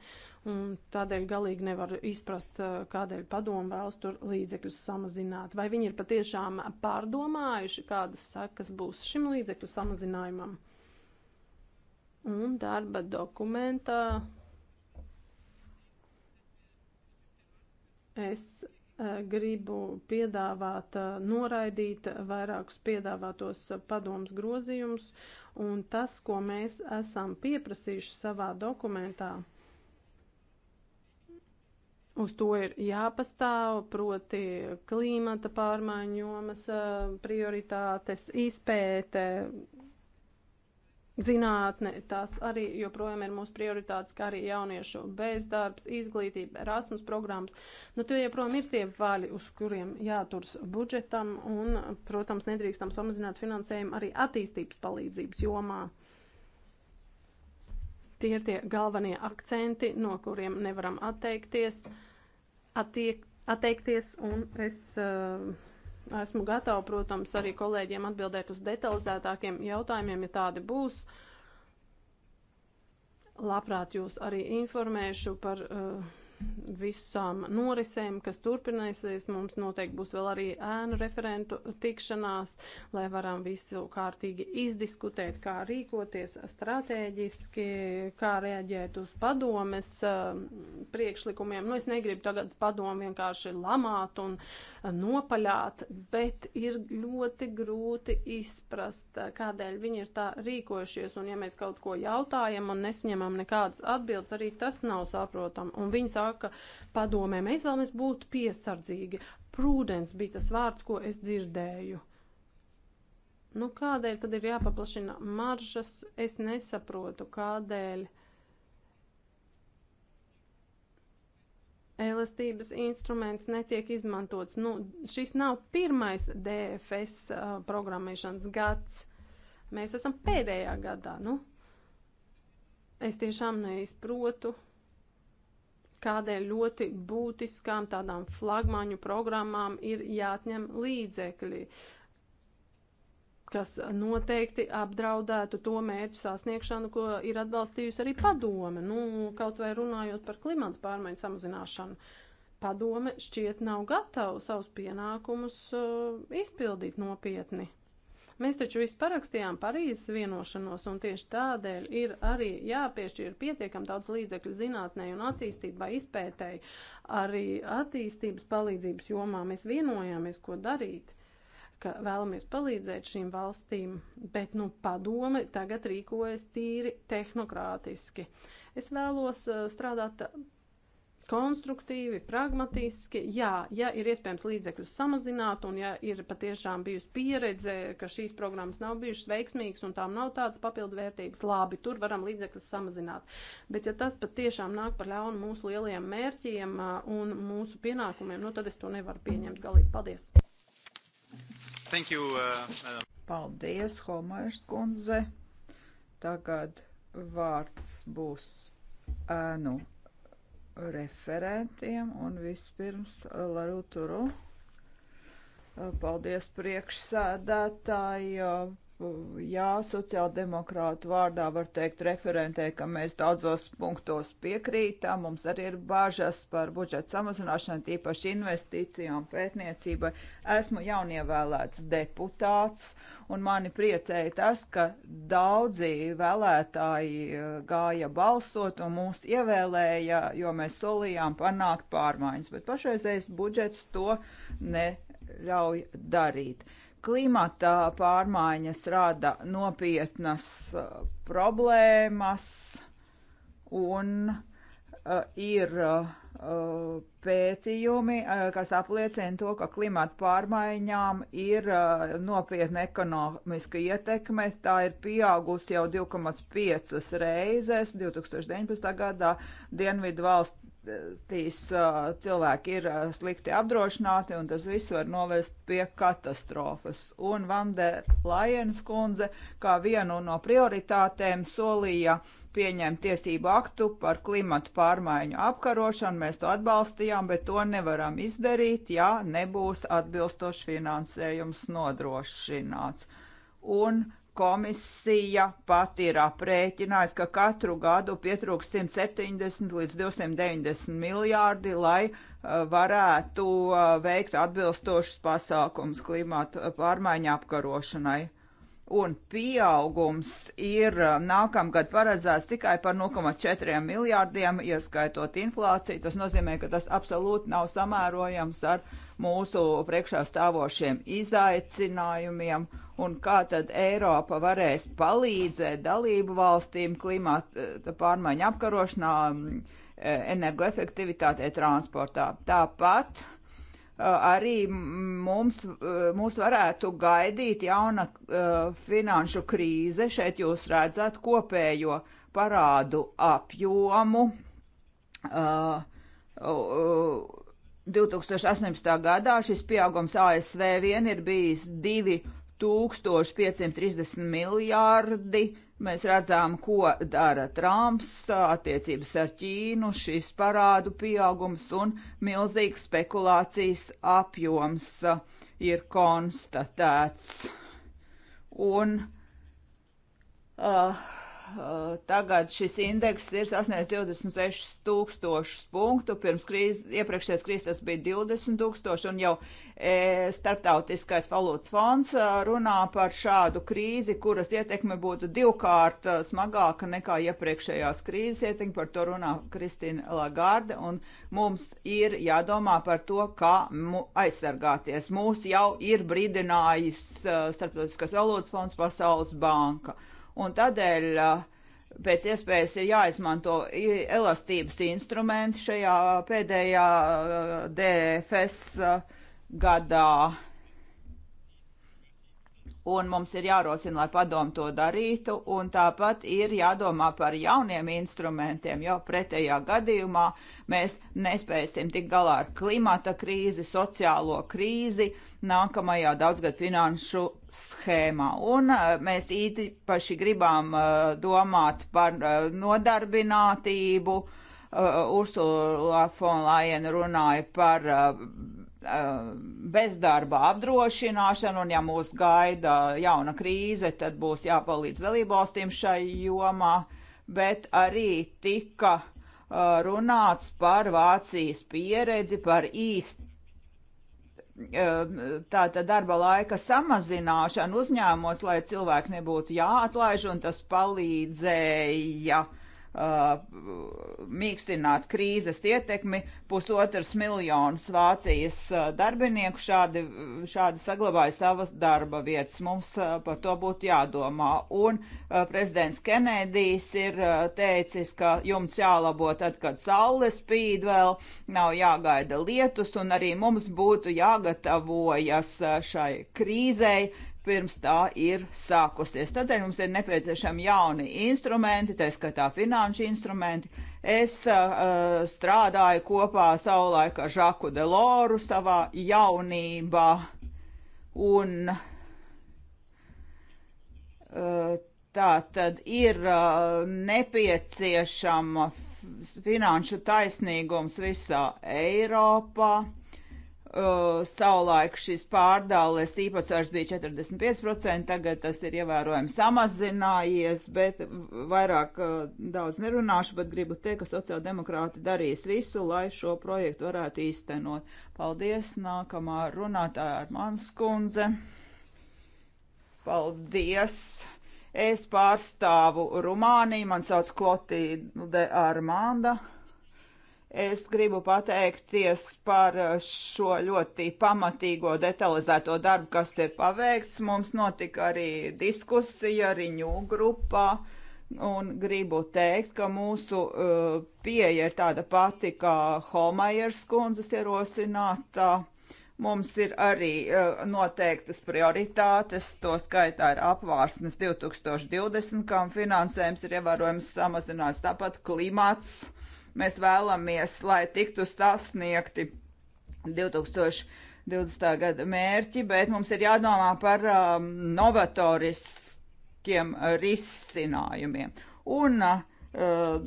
un tādēļ galīgi nevar izprast, uh, kādēļ padomu vēlas tur līdzekļus samazināt. Vai viņi ir patiešām pārdomājuši, kādas sekas būs šim līdzekļu samazinājumam? Un darba dokumentā es Eh, gribu piedāvāt, eh, noraidīt vairākus piedāvātos padomus grozījumus, un tas, ko mēs esam pieprasījuši savā dokumentā, uz to ir jāpastāv, proti klimata pārmaiņu jomas eh, prioritātes, izpēte, Zinātne tās arī joprojām ir mūsu prioritātes, kā arī jauniešu bezdarbs, izglītība, Erasmus programmas. Nu, tie joprojām ir tie vaļi, uz kuriem jāturs budžetam un, protams, nedrīkstam samazināt finansējumu arī attīstības palīdzības jomā. Tie ir tie galvenie akcenti, no kuriem nevaram atteikties, attiek, atteikties un es. Uh, Esmu gatava, protams, arī kolēģiem atbildēt uz detalizētākiem jautājumiem, ja tādi būs. Labprāt jūs arī informēšu par uh, visām norisēm, kas turpināsies. Mums noteikti būs vēl arī ēnu referentu tikšanās, lai varam visu kārtīgi izdiskutēt, kā rīkoties stratēģiski, kā reaģēt uz padomes um, priekšlikumiem. Nu, es negribu tagad padomu vienkārši lamāt un uh, nopaļāt, bet ir ļoti grūti izprast, uh, kādēļ viņi ir tā rīkojušies. Un ja mēs kaut ko jautājam un nesņemam nekādas atbildes, arī tas nav saprotam. Un viņi sāk saka padomē, mēs vēlamies būt piesardzīgi. Prūdens bija tas vārds, ko es dzirdēju. Nu, kādēļ tad ir jāpaplašina maržas? Es nesaprotu, kādēļ. elastības instruments netiek izmantots. Nu, šis nav pirmais DFS uh, programmēšanas gads. Mēs esam pēdējā gadā. Nu, es tiešām neizprotu, kādēļ ļoti būtiskām tādām flagmaņu programmām ir jāatņem līdzekļi kas noteikti apdraudētu to mērķu sasniegšanu, ko ir atbalstījusi arī padome, nu, kaut vai runājot par klimatu pārmaiņu samazināšanu. Padome šķiet nav gatava savus pienākumus uh, izpildīt nopietni. Mēs taču visi parakstījām Parīzes vienošanos, un tieši tādēļ ir arī jāpiešķir pietiekam daudz līdzekļu zinātnē un attīstībai izpētēji. Arī attīstības palīdzības jomā mēs vienojāmies, ko darīt ka vēlamies palīdzēt šīm valstīm, bet nu, padome tagad rīkojas tīri tehnokrātiski. Es vēlos eh, strādāt konstruktīvi, pragmatiski. Jā, ja ir iespējams līdzekļus samazināt un ja ir patiešām bijusi pieredze, ka šīs programmas nav bijušas veiksmīgas un tām nav tādas papildu vērtības, labi, tur varam līdzekļus samazināt. Bet ja tas patiešām nāk par ļaunu mūsu lielajiem mērķiem un mūsu pienākumiem, nu tad es to nevaru pieņemt galīgi. Paldies! Thank you, uh, Paldies, Holmairs kundze. Tagad vārds būs ēnu referentiem un vispirms eh, Laruturu. Eh, paldies priekšsēdētāji eh, Jā, sociāldemokrātu vārdā var teikt referentē, ka mēs daudzos punktos piekrītam. Mums arī ir bažas par budžeta samazināšanu, tīpaši investīcijām pētniecībai. Esmu jaunievēlēts deputāts, un mani priecēja tas, ka daudzi vēlētāji eh, gāja balsot un mūs ievēlēja, jo mēs solījām panākt pārmaiņas, bet pašreizējais budžets to neļauj darīt. Uh, klimata pārmaiņas rada nopietnas eh, problēmas un eh, ir eh, pētījumi, kas apliecina to, ka klimata pārmaiņām ir nopietna ekonomiska ietekme. Tā ir pieaugusi jau 2,5 reizes. 2019. gadā Dienvidu valsts valstīs cilvēki ir slikti apdrošināti, un tas viss var novest pie katastrofas. Un Vanderlajens kundze kā vienu no prioritātēm solīja pieņemt tiesību aktu par klimatu pārmaiņu apkarošanu. Mēs to atbalstījām, bet to nevaram izdarīt, ja nebūs atbilstošs finansējums nodrošināts. Un Komisija pati ir aprēķinājusi, ka katru gadu pietrūks 170 līdz 290 miljārdi, lai uh, varētu uh, veikt atbilstošus pasākums klimata uh, pārmaiņu apkarošanai. Un pieaugums ir nākamgad paredzēts tikai par 0,4 miljārdiem, ieskaitot inflāciju. Tas nozīmē, ka tas absolūti nav samērojams ar mūsu priekšā stāvošiem izaicinājumiem. Uh, un kā tad Eiropa varēs palīdzēt dalību valstīm klimata pārmaiņu apkarošanā, mm, e, energoefektivitātei, transportā. Tāpat e, arī mums, e, mums varētu gaidīt jauna finanšu krīze. Šeit jūs redzat kopējo parādu apjomu. 2018. gadā šis pieaugums ASV vien ir bijis 2 1530 miljārdi. Mēs redzām, ko dara Trumps, attiecības ar Ķīnu, šis parādu pieaugums un milzīgs spekulācijas apjoms ir konstatēts. Un uh, Eh, tagad šis indeks ir sasniedzis 26 tūkstošus punktu, pirms krīzes, iepriekšējais krīzes tas bija 20 tūkstoši, un jau e, starptautiskais valūtas fonds eh, runā par šādu krīzi, kuras ietekme būtu divkārt smagāka nekā iepriekšējās krīzes ietekme, par to runā Kristina Lagarde, un mums ir jādomā par to, kā mu, aizsargāties. Mūs jau ir brīdinājis starptautiskais valūtas fonds, Pasaules banka un tādēļ uh, pēc iespējas ir jāizmanto elastības instrumenti šajā pēdējā uh, DFS uh, gadā. Un mums ir jārosina, lai padomu to darītu, un tāpat ir jādomā par jauniem instrumentiem, jo pretējā gadījumā mēs nespēsim tik galā ar klimata krīzi, sociālo krīzi nākamajā daudzgad finanšu schēmā. Un eh, mēs īpaši gribam eh, domāt par eh, nodarbinātību. Ursula Fonlaina runāja par bezdarba apdrošināšanu, un ja mūs gaida jauna krīze, tad būs jāpalīdz dalībvalstīm šai jomā, bet arī tika runāts par Vācijas pieredzi, par īst Um, tāda darba laika samazināšana uzņēmumos, lai cilvēki nebūtu jāatlaiž, un tas palīdzēja uh, Uh, mīkstināt krīzes ietekmi. Pusotrs miljonus Vācijas uh, darbinieku šādi, šādi saglabāja savas darba vietas. Mums uh, par to būtu jādomā. Un prezidents Kenēdijs ir teicis, ka jums jālabo tad, kad saule spīd vēl, nav jāgaida lietus, un arī mums būtu jāgatavojas šai krīzei, pirms tā ir sākusies. Tādēļ mums ir nepieciešami jauni instrumenti, tā skatā finanšu instrumenti. Es uh, uh, strādāju kopā savulaik ar Žaku Deloru savā jaunībā un uh, tā tad ir uh, nepieciešama finanšu taisnīgums visā Eiropā. Uh, Uh, savulaik šis pārdales īpatsvars bija 45%, tagad tas ir ievērojami samazinājies, bet vairāk uh, daudz nerunāšu, bet gribu teikt, ka sociāldemokrāti darīs visu, lai šo projektu varētu īstenot. Paldies, nākamā runātāja ar manas kundze. Paldies! Es pārstāvu Rumāniju, man sauc Klotīde Armanda Es gribu pateikties par šo ļoti pamatīgo, detalizēto darbu, kas ir paveikts. Mums notika arī diskusija riņu grupā, un gribu teikt, ka mūsu uh, pieeja ir tāda pati, kā Holmajers kundzes ierosinātā. Mums ir arī uh, noteiktas prioritātes, to skaitā ir apvārsnes 2020, kam finansējums ir ievērojams samazināts, tāpat klimats mēs vēlamies, lai tiktu sasniegti 2020. gada mērķi, bet mums ir jādomā par um, novatoriskiem risinājumiem. Un uh,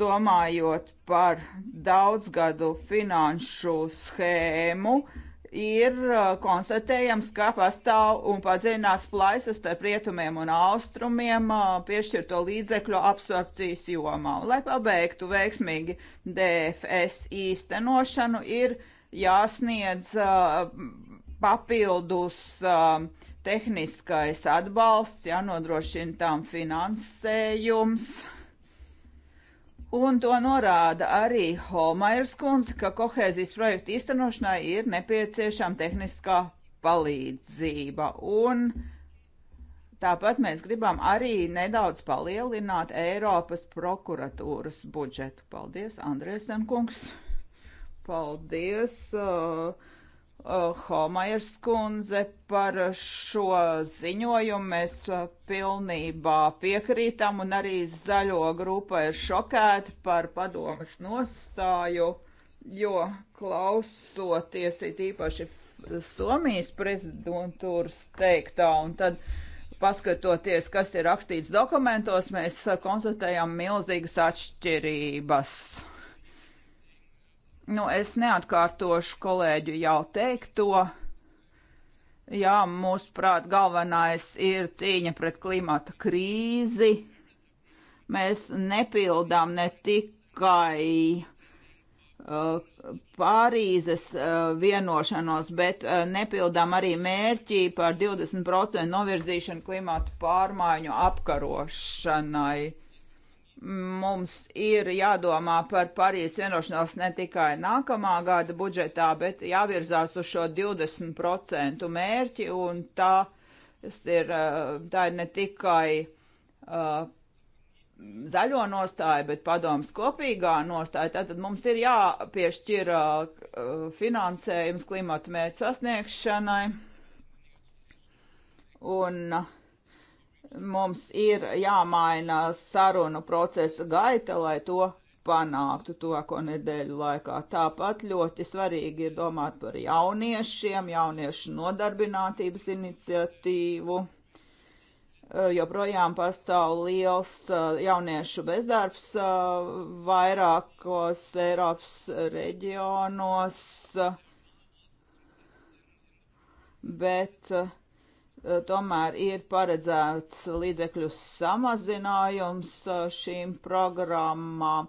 domājot par daudzgadu finanšu schēmu, uh, ir konstatējams, ka pastāv un padziļinās plaisas starp rietumiem un austrumiem piešķirto līdzekļu absorpcijas jomā. Un, lai pabeigtu veiksmīgi DFS īstenošanu, ir jāsniedz papildus tehniskais atbalsts, jānodrošina tām finansējums. Ja, Un to norāda arī Holmairs kundze, ka kohēzijas projektu īstenošanai ir nepieciešama tehniskā palīdzība. Un tāpat mēs gribam arī nedaudz palielināt Eiropas prokuratūras budžetu. Paldies, Andrēsen kungs! Paldies! Uh, Homairs kundze par šo ziņojumu. Mēs uh, pilnībā piekrītam un arī zaļo grupa ir šokēta par padomas nostāju, jo klausoties it īpaši Somijas prezidentūras teiktā un tad paskatoties, kas ir rakstīts dokumentos, mēs uh, konstatējam milzīgas atšķirības. Nu, es neatkārtošu kolēģu jau teikto. Jā, mūsuprāt, galvenais ir cīņa pret klimata krīzi. Mēs nepildām ne tikai uh, Pārīzes uh, vienošanos, bet uh, nepildām arī mērķi par 20% novirzīšanu klimatu pārmaiņu apkarošanai mums ir jādomā par Parīzes vienošanos ne tikai nākamā gada budžetā, bet jāvirzās uz šo 20% mērķi, un tā, ir, eh, tā ir ne tikai uh, zaļo nostāja, bet padoms kopīgā nostāja. Tātad mums ir jāpiešķir uh, finansējums klimata mērķu sasniegšanai. Un uh, Mums ir jāmaina sarunu procesa gaita, lai to panāktu tuvāko nedēļu laikā. Tāpat ļoti svarīgi ir domāt par jauniešiem, jauniešu nodarbinātības iniciatīvu. E, joprojām pastāv liels e, jauniešu bezdarbs e, vairākos Eiropas reģionos, bet uh, tomēr ir paredzēts līdzekļu samazinājums uh, šīm programmām.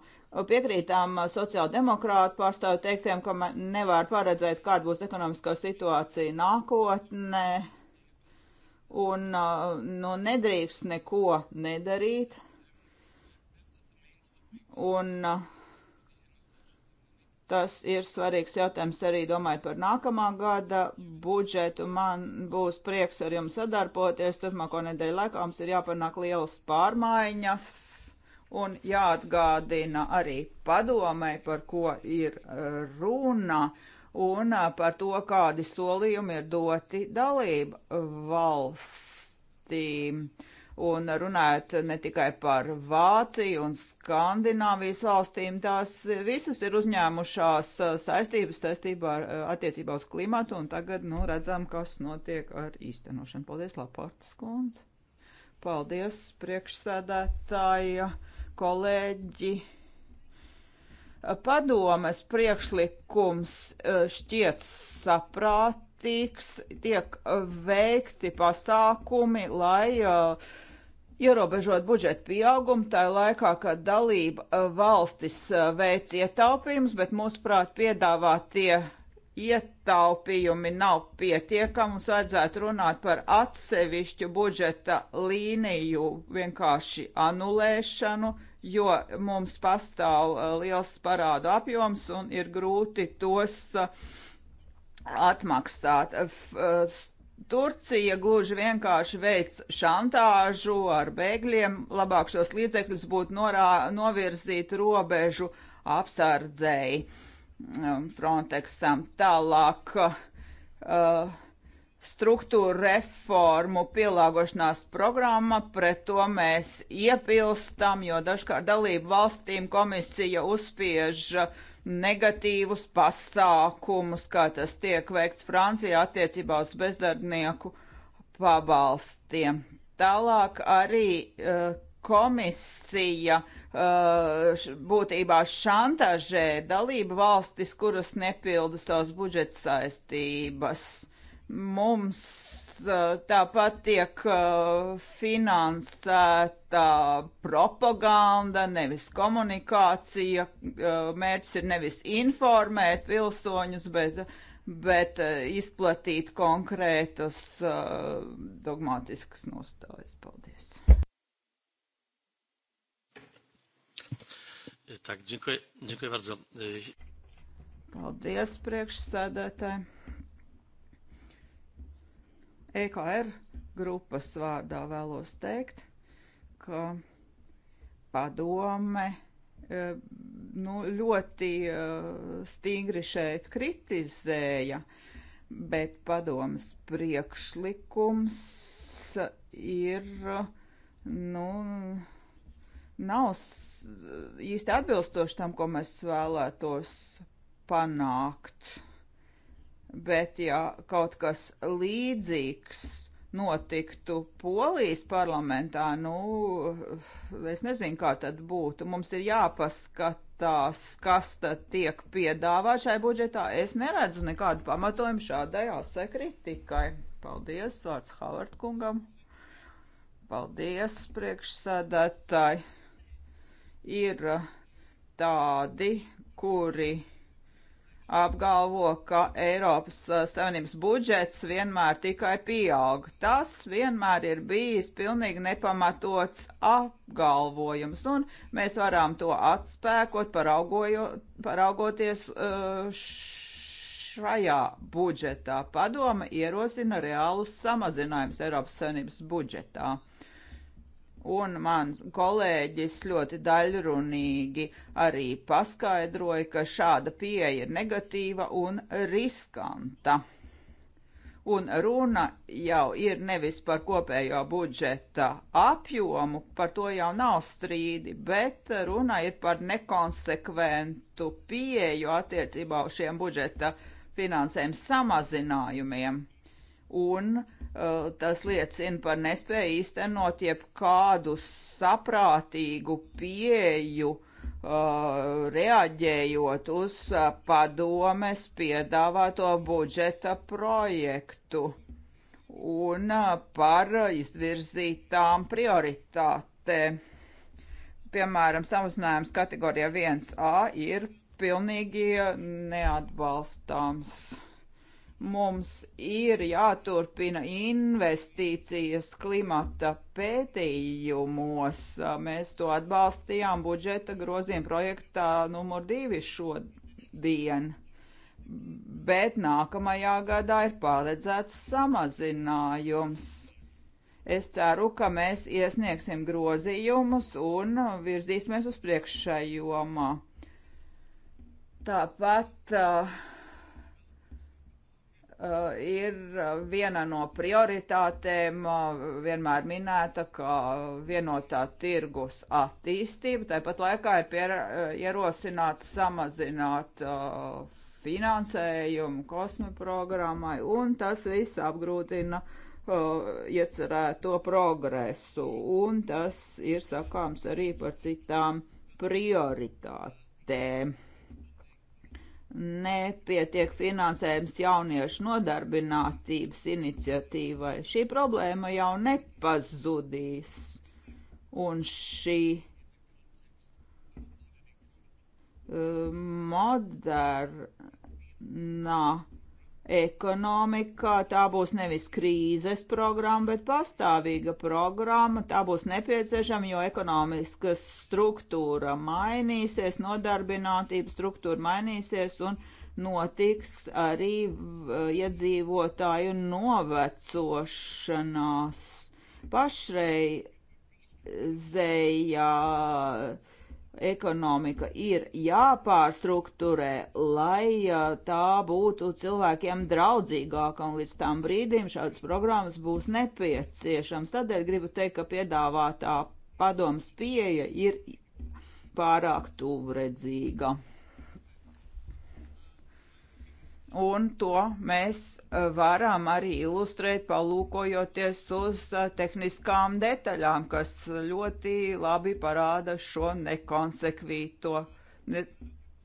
Piekrītām uh, sociāldemokrātu pārstāvu teiktiem, ka nevar paredzēt, kāda būs ekonomiskā situācija nākotnē, un uh, nu, nedrīkst neko nedarīt. Un uh, Tas ir svarīgs jautājums arī domājot par nākamā gada budžetu. Man būs prieks ar jums sadarboties. Turpmāko nedēļu laikā mums ir jāpanāk liels pārmaiņas un jāatgādina arī padomē, par ko ir uh, runa un uh, par to, kādi solījumi ir doti dalību valstīm. Uh, Un runājot ne tikai par Vāciju un Skandināvijas valstīm, tās visas ir uzņēmušās uh, saistības saistībā ar uh, attiecībā uz klimatu, un tagad, nu, redzam, kas notiek ar īstenošanu. Paldies, Laportas kundze! Paldies, priekšsēdētāja, kolēģi! Padomes priekšlikums uh, šķiet saprātīgs, tiek veikti pasākumi, lai uh, ierobežot budžeta pieaugumu, tā laikā, kad dalība uh, valstis uh, veic ietaupījumus, bet mūsuprāt piedāvātie ietaupījumi nav pietiekami. Mums vajadzētu runāt par atsevišķu budžeta līniju vienkārši anulēšanu, jo mums pastāv uh, liels parādu apjoms un ir grūti tos atmaksāt. F Turcija gluži vienkārši veic šantāžu ar bēgļiem, labāk šos līdzekļus būtu norā, novirzīt robežu apsardzēji um, Frontexam. Tālāk. Uh, struktūra reformu pielāgošanās programma, pret to mēs iepilstam, jo dažkārt dalību valstīm komisija uzspiež negatīvus pasākumus, kā tas tiek veikts Francijā attiecībā uz bezdarbnieku pabalstiem. Tālāk arī uh, komisija uh, būtībā šantažē dalību valstis, kuras nepilda savas budžeta saistības. Uh, Mums tāpat tiek finansēta propaganda, nevis komunikācija. Mērķis ir nevis informēt pilsoņus, bet, bet izplatīt konkrētas dogmatiskas nostājas. Paldies! Tak, dziękuję, dziękuję bardzo. Paldies, priekšsēdētāji. EKR grupas vārdā vēlos teikt, ka padome e, nu, ļoti e, stingri šeit kritizēja, bet padomas priekšlikums ir, nu, nav īsti atbilstoši tam, ko mēs vēlētos panākt bet ja kaut kas līdzīgs notiktu polijas parlamentā, nu, es nezinu, kā tad būtu. Mums ir jāpaskatās, kas tad tiek piedāvā šai budžetā. Es neredzu nekādu pamatojumu šādai asai kritikai. Paldies, vārds Havard kungam. Paldies, priekšsēdētāji. Ir uh, tādi, kuri apgalvo, ka Eiropas eh, Savienības budžets vienmēr tikai pieaug. Tas vienmēr ir bijis pilnīgi nepamatots apgalvojums, un mēs varam to atspēkot, paraugoties eh, šajā budžetā. Padoma ierosina reālus samazinājumus Eiropas Savienības budžetā un mans kolēģis ļoti daļrunīgi arī paskaidroja, ka šāda pieeja ir negatīva un riskanta. Un runa jau ir nevis par kopējo budžeta apjomu, par to jau nav strīdi, bet runa ir par nekonsekventu pieeju attiecībā uz šiem budžeta finansējuma samazinājumiem un uh, tas liecina par nespēju īstenot jebkādu saprātīgu pieju, uh, reaģējot uz uh, padomes piedāvāto budžeta projektu un uh, par izvirzītām prioritātēm. Piemēram, samazinājums kategorijā 1A ir pilnīgi neatbalstāms Mums ir jāturpina investīcijas klimata pētījumos. Mēs to atbalstījām budžeta grozījuma projektā numur divi šodien bet nākamajā gadā ir paredzēts samazinājums. Es ceru, ka mēs iesniegsim grozījumus un virzīsimies uz priekšu šai jomā. Tāpat uh, Eh, ir eh, viena no prioritātēm eh, vienmēr minēta, ka vienotā tirgus attīstība, tāpat laikā ir pier, ierosināts samazināt finansējumu kosmu programmai, un tas viss apgrūtina iecerēto progresu, un tas ir sakāms arī par citām prioritātēm nepietiek finansējums jauniešu nodarbinātības iniciatīvai. Šī problēma jau nepazudīs, un šī uh, modernā ekonomikā. Tā būs nevis krīzes programma, bet pastāvīga programma. Tā būs nepieciešama, jo ekonomiska struktūra mainīsies, nodarbinātība struktūra mainīsies un notiks arī iedzīvotāju novecošanās. Pašreizējā ja ekonomika ir jāpārstruktūrē, lai tā būtu cilvēkiem draudzīgāka, un līdz tam brīdim šādas programmas būs nepieciešams. Tādēļ gribu teikt, ka piedāvātā padomas pieeja ir pārāk tuvredzīga. Un to mēs eh, varam arī ilustrēt, palūkojoties uz eh, tehniskām detaļām, kas ļoti labi parāda šo nekonsekvīto, ne,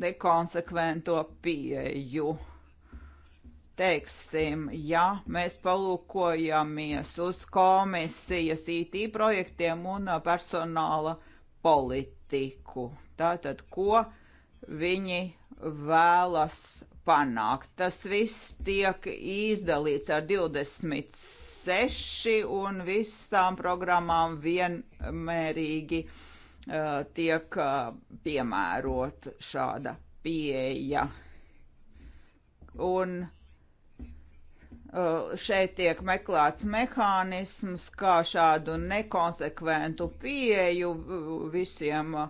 nekonsekvento pieeju. Teiksim, ja mēs palūkojamies uz komisijas IT projektiem un eh, personāla politiku, tātad ko viņi vēlas panākt. Tas viss tiek izdalīts ar 26 un visām programmām vienmērīgi uh, tiek uh, piemērot šāda pieeja. Un uh, šeit tiek meklēts mehānisms, kā šādu nekonsekventu pieeju visiem uh,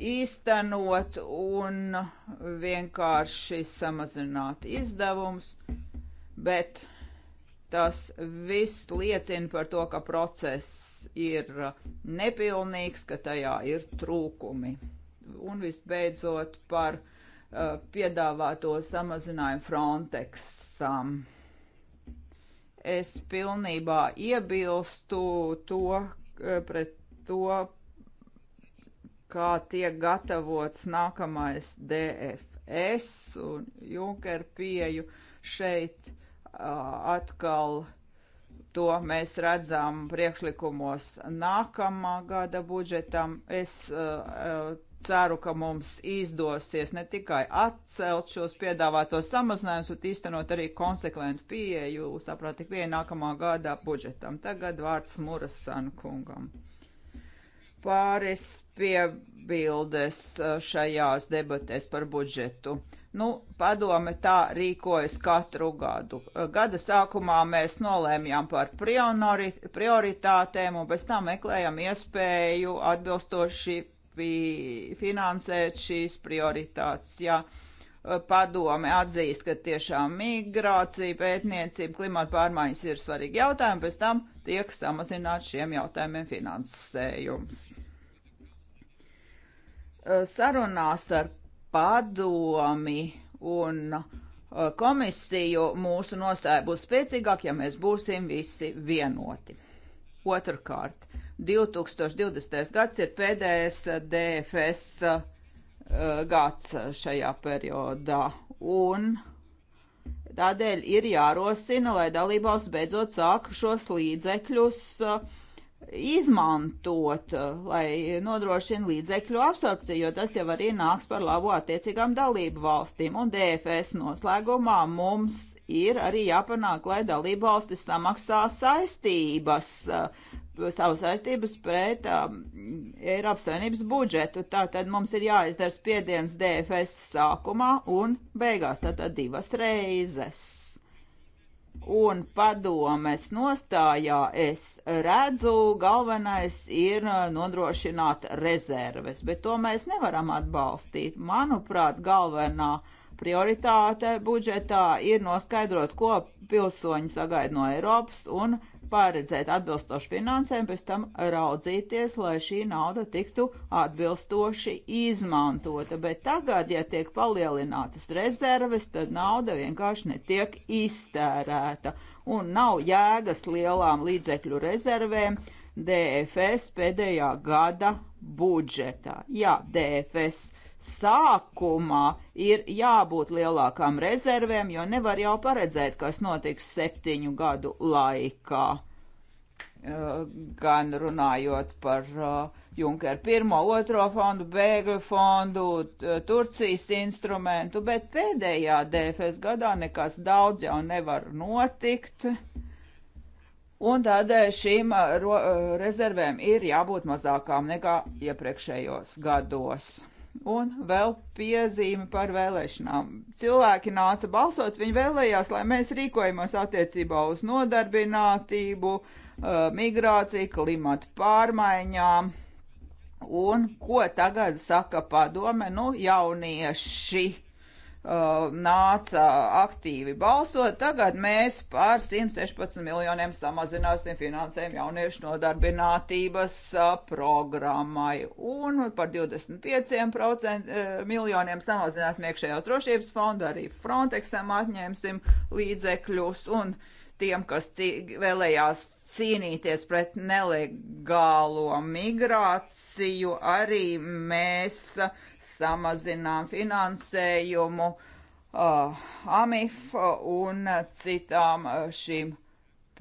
īstenot un vienkārši samazināt izdevumus, bet tas viss liecina par to, ka process ir nepilnīgs, ka tajā ir trūkumi. Un visbeidzot par uh, piedāvāto samazinājumu Frontexam. Es pilnībā iebilstu to, uh, pret to kā tiek gatavots nākamais DFS un Junker pieju šeit atkal to mēs redzam priekšlikumos nākamā gada budžetam. Es uh, ceru, ka mums izdosies ne tikai atcelt šos piedāvātos samazinājumus, bet īstenot arī konsekventu pieeju, saprāt, tik vien nākamā gada budžetam. Tagad vārds Murasan kungam pāris piebildes šajās debatēs par budžetu. Nu, padome tā rīkojas katru gadu. Gada sākumā mēs nolēmjām par prioritātēm un pēc tam meklējam iespēju atbilstoši finansēt šīs prioritātes. Jā. Ja Eh, padome atzīst, ka tiešām migrācija, pētniecība, klimata pārmaiņas ir svarīgi jautājumi, pēc tam tiek samazināts šiem jautājumiem finansējums. Eh, sarunās ar padomi un eh, komisiju mūsu nostāja būs spēcīgāk, ja mēs būsim visi vienoti. Otrkārt, 2020. gads ir pēdējais DFS Eh, gads šajā periodā. Un tādēļ ir jārosina, lai dalībvalsts beidzot sāk šos līdzekļus uh, izmantot, eh, lai nodrošina līdzekļu absorpciju, jo tas jau arī nāks par labu attiecīgām dalību valstīm. Un DFS noslēgumā mums ir arī jāpanāk, lai dalību valstis samaksā saistības, eh, savu saistības pret um, Eiropas Savienības budžetu. Tātad mums ir jāizdara spiediens DFS sākumā un beigās, tātad divas reizes un padomes nostājā es redzu, galvenais ir uh, nodrošināt rezerves, bet to mēs nevaram atbalstīt. Manuprāt, galvenā prioritāte budžetā ir noskaidrot, ko pilsoņi sagaida no Eiropas un paredzēt atbilstošu finansējumu, pēc tam raudzīties, lai šī nauda tiktu atbilstoši izmantota. Bet tagad, ja tiek palielinātas rezerves, tad nauda vienkārši netiek iztērēta un nav jēgas lielām līdzekļu rezervēm. DFS pēdējā gada budžetā. Jā, DFS sākumā ir jābūt lielākām rezervēm, jo nevar jau paredzēt, kas notiks septiņu gadu laikā. Uh, gan runājot par uh, Junkeru pirmo, otro fondu, bēgļu fondu, uh, Turcijas instrumentu, bet pēdējā DFS gadā nekas daudz jau nevar notikt. Un tādēļ šīm rezervēm ir jābūt mazākām nekā iepriekšējos gados. Un vēl piezīme par vēlēšanām. Cilvēki nāca balsot, viņi vēlējās, lai mēs rīkojamies attiecībā uz nodarbinātību, uh, migrāciju, klimatu pārmaiņām. Un ko tagad saka padome? Nu, jaunieši Uh, nāca aktīvi balsot. Tagad mēs par 116 miljoniem samazināsim finansējumu jauniešu nodarbinātības uh, programmai un par 25% uh, miljoniem samazināsim iekšējās drošības fondu, arī Frontexam atņemsim līdzekļus un tiem, kas vēlējās cīnīties pret nelegālo migrāciju, arī mēs samazinām finansējumu uh, AMIF un citām uh, šīm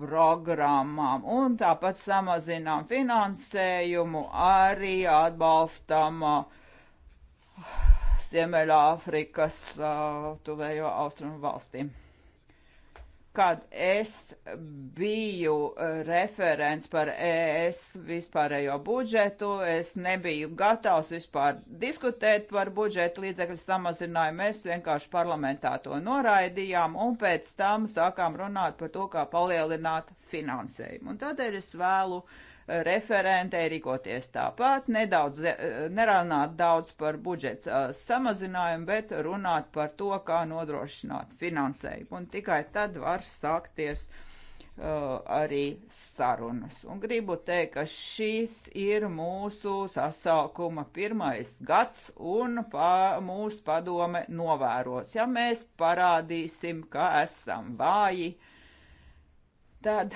programmām. Un tāpat samazinām finansējumu, arī atbalstam uh, Ziemeļāfrikas uh, tuvējo austrumu valstīm kad es biju e, referents par ES vispārējo budžetu, es nebiju gatavs vispār diskutēt par budžeta līdzekļu samazinājumu. Mēs vienkārši parlamentā to noraidījām un pēc tam sākām runāt par to, kā palielināt finansējumu. Un tādēļ es vēlu uh, referentei rīkoties tāpat, nedaudz, eh, nerunāt daudz par budžeta eh, samazinājumu, bet runāt par to, kā nodrošināt finansējumu. Un tikai tad var sākties uh, arī sarunas. Un gribu teikt, ka šis ir mūsu sasaukuma pirmais gads un pa, mūsu padome novēros. Ja mēs parādīsim, ka esam vāji, tad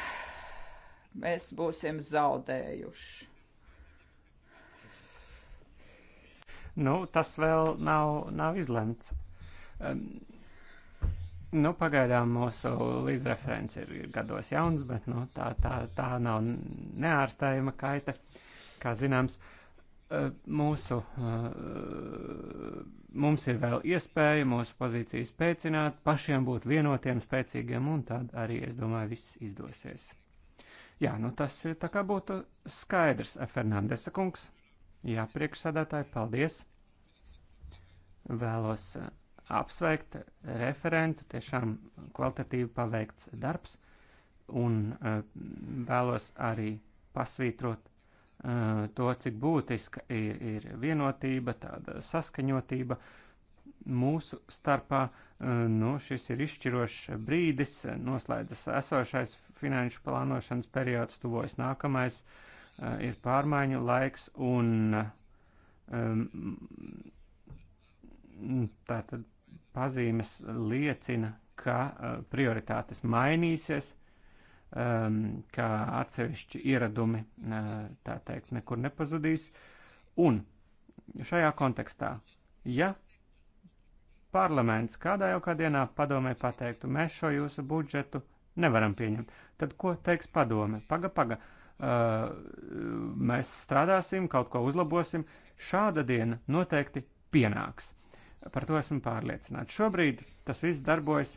mēs būsim zaudējuši. Nu, tas vēl nav, nav izlemts. Um, Nu, pagaidām mūsu līdzreferents ir, ir gados jauns, bet nu, tā, tā, tā nav neārstējama kaita, kā zināms. Mūsu, mums ir vēl iespēja mūsu pozīcijas spēcināt, pašiem būt vienotiem, spēcīgiem, un tad arī, es domāju, viss izdosies. Jā, nu tas ir eh, tā kā būtu skaidrs, eh, Fernandesa kungs. Jā, priekšsādātāji, paldies. Vēlos eh, apsveikt referentu, tiešām kvalitatīvi paveikts darbs, un vēlos arī pasvītrot to, cik būtiska ir, ir vienotība, tāda saskaņotība mūsu starpā. Nu, šis ir izšķirošs brīdis, noslēdzas esošais finanšu plānošanas periods tuvojas nākamais, eh, ir pārmaiņu laiks un ehm, tātad pazīmes liecina, ka eh, prioritātes mainīsies, ehm, ka atsevišķi ieradumi, eh, tā teikt, nekur nepazudīs. Un šajā kontekstā, ja parlaments kādā jau kādā dienā padomē pateiktu, mēs šo jūsu budžetu nevaram pieņemt. Tad ko teiks padome? Paga, paga, uh, mēs strādāsim, kaut ko uzlabosim. Šāda diena noteikti pienāks. Par to esmu pārliecināts. Šobrīd tas viss darbojas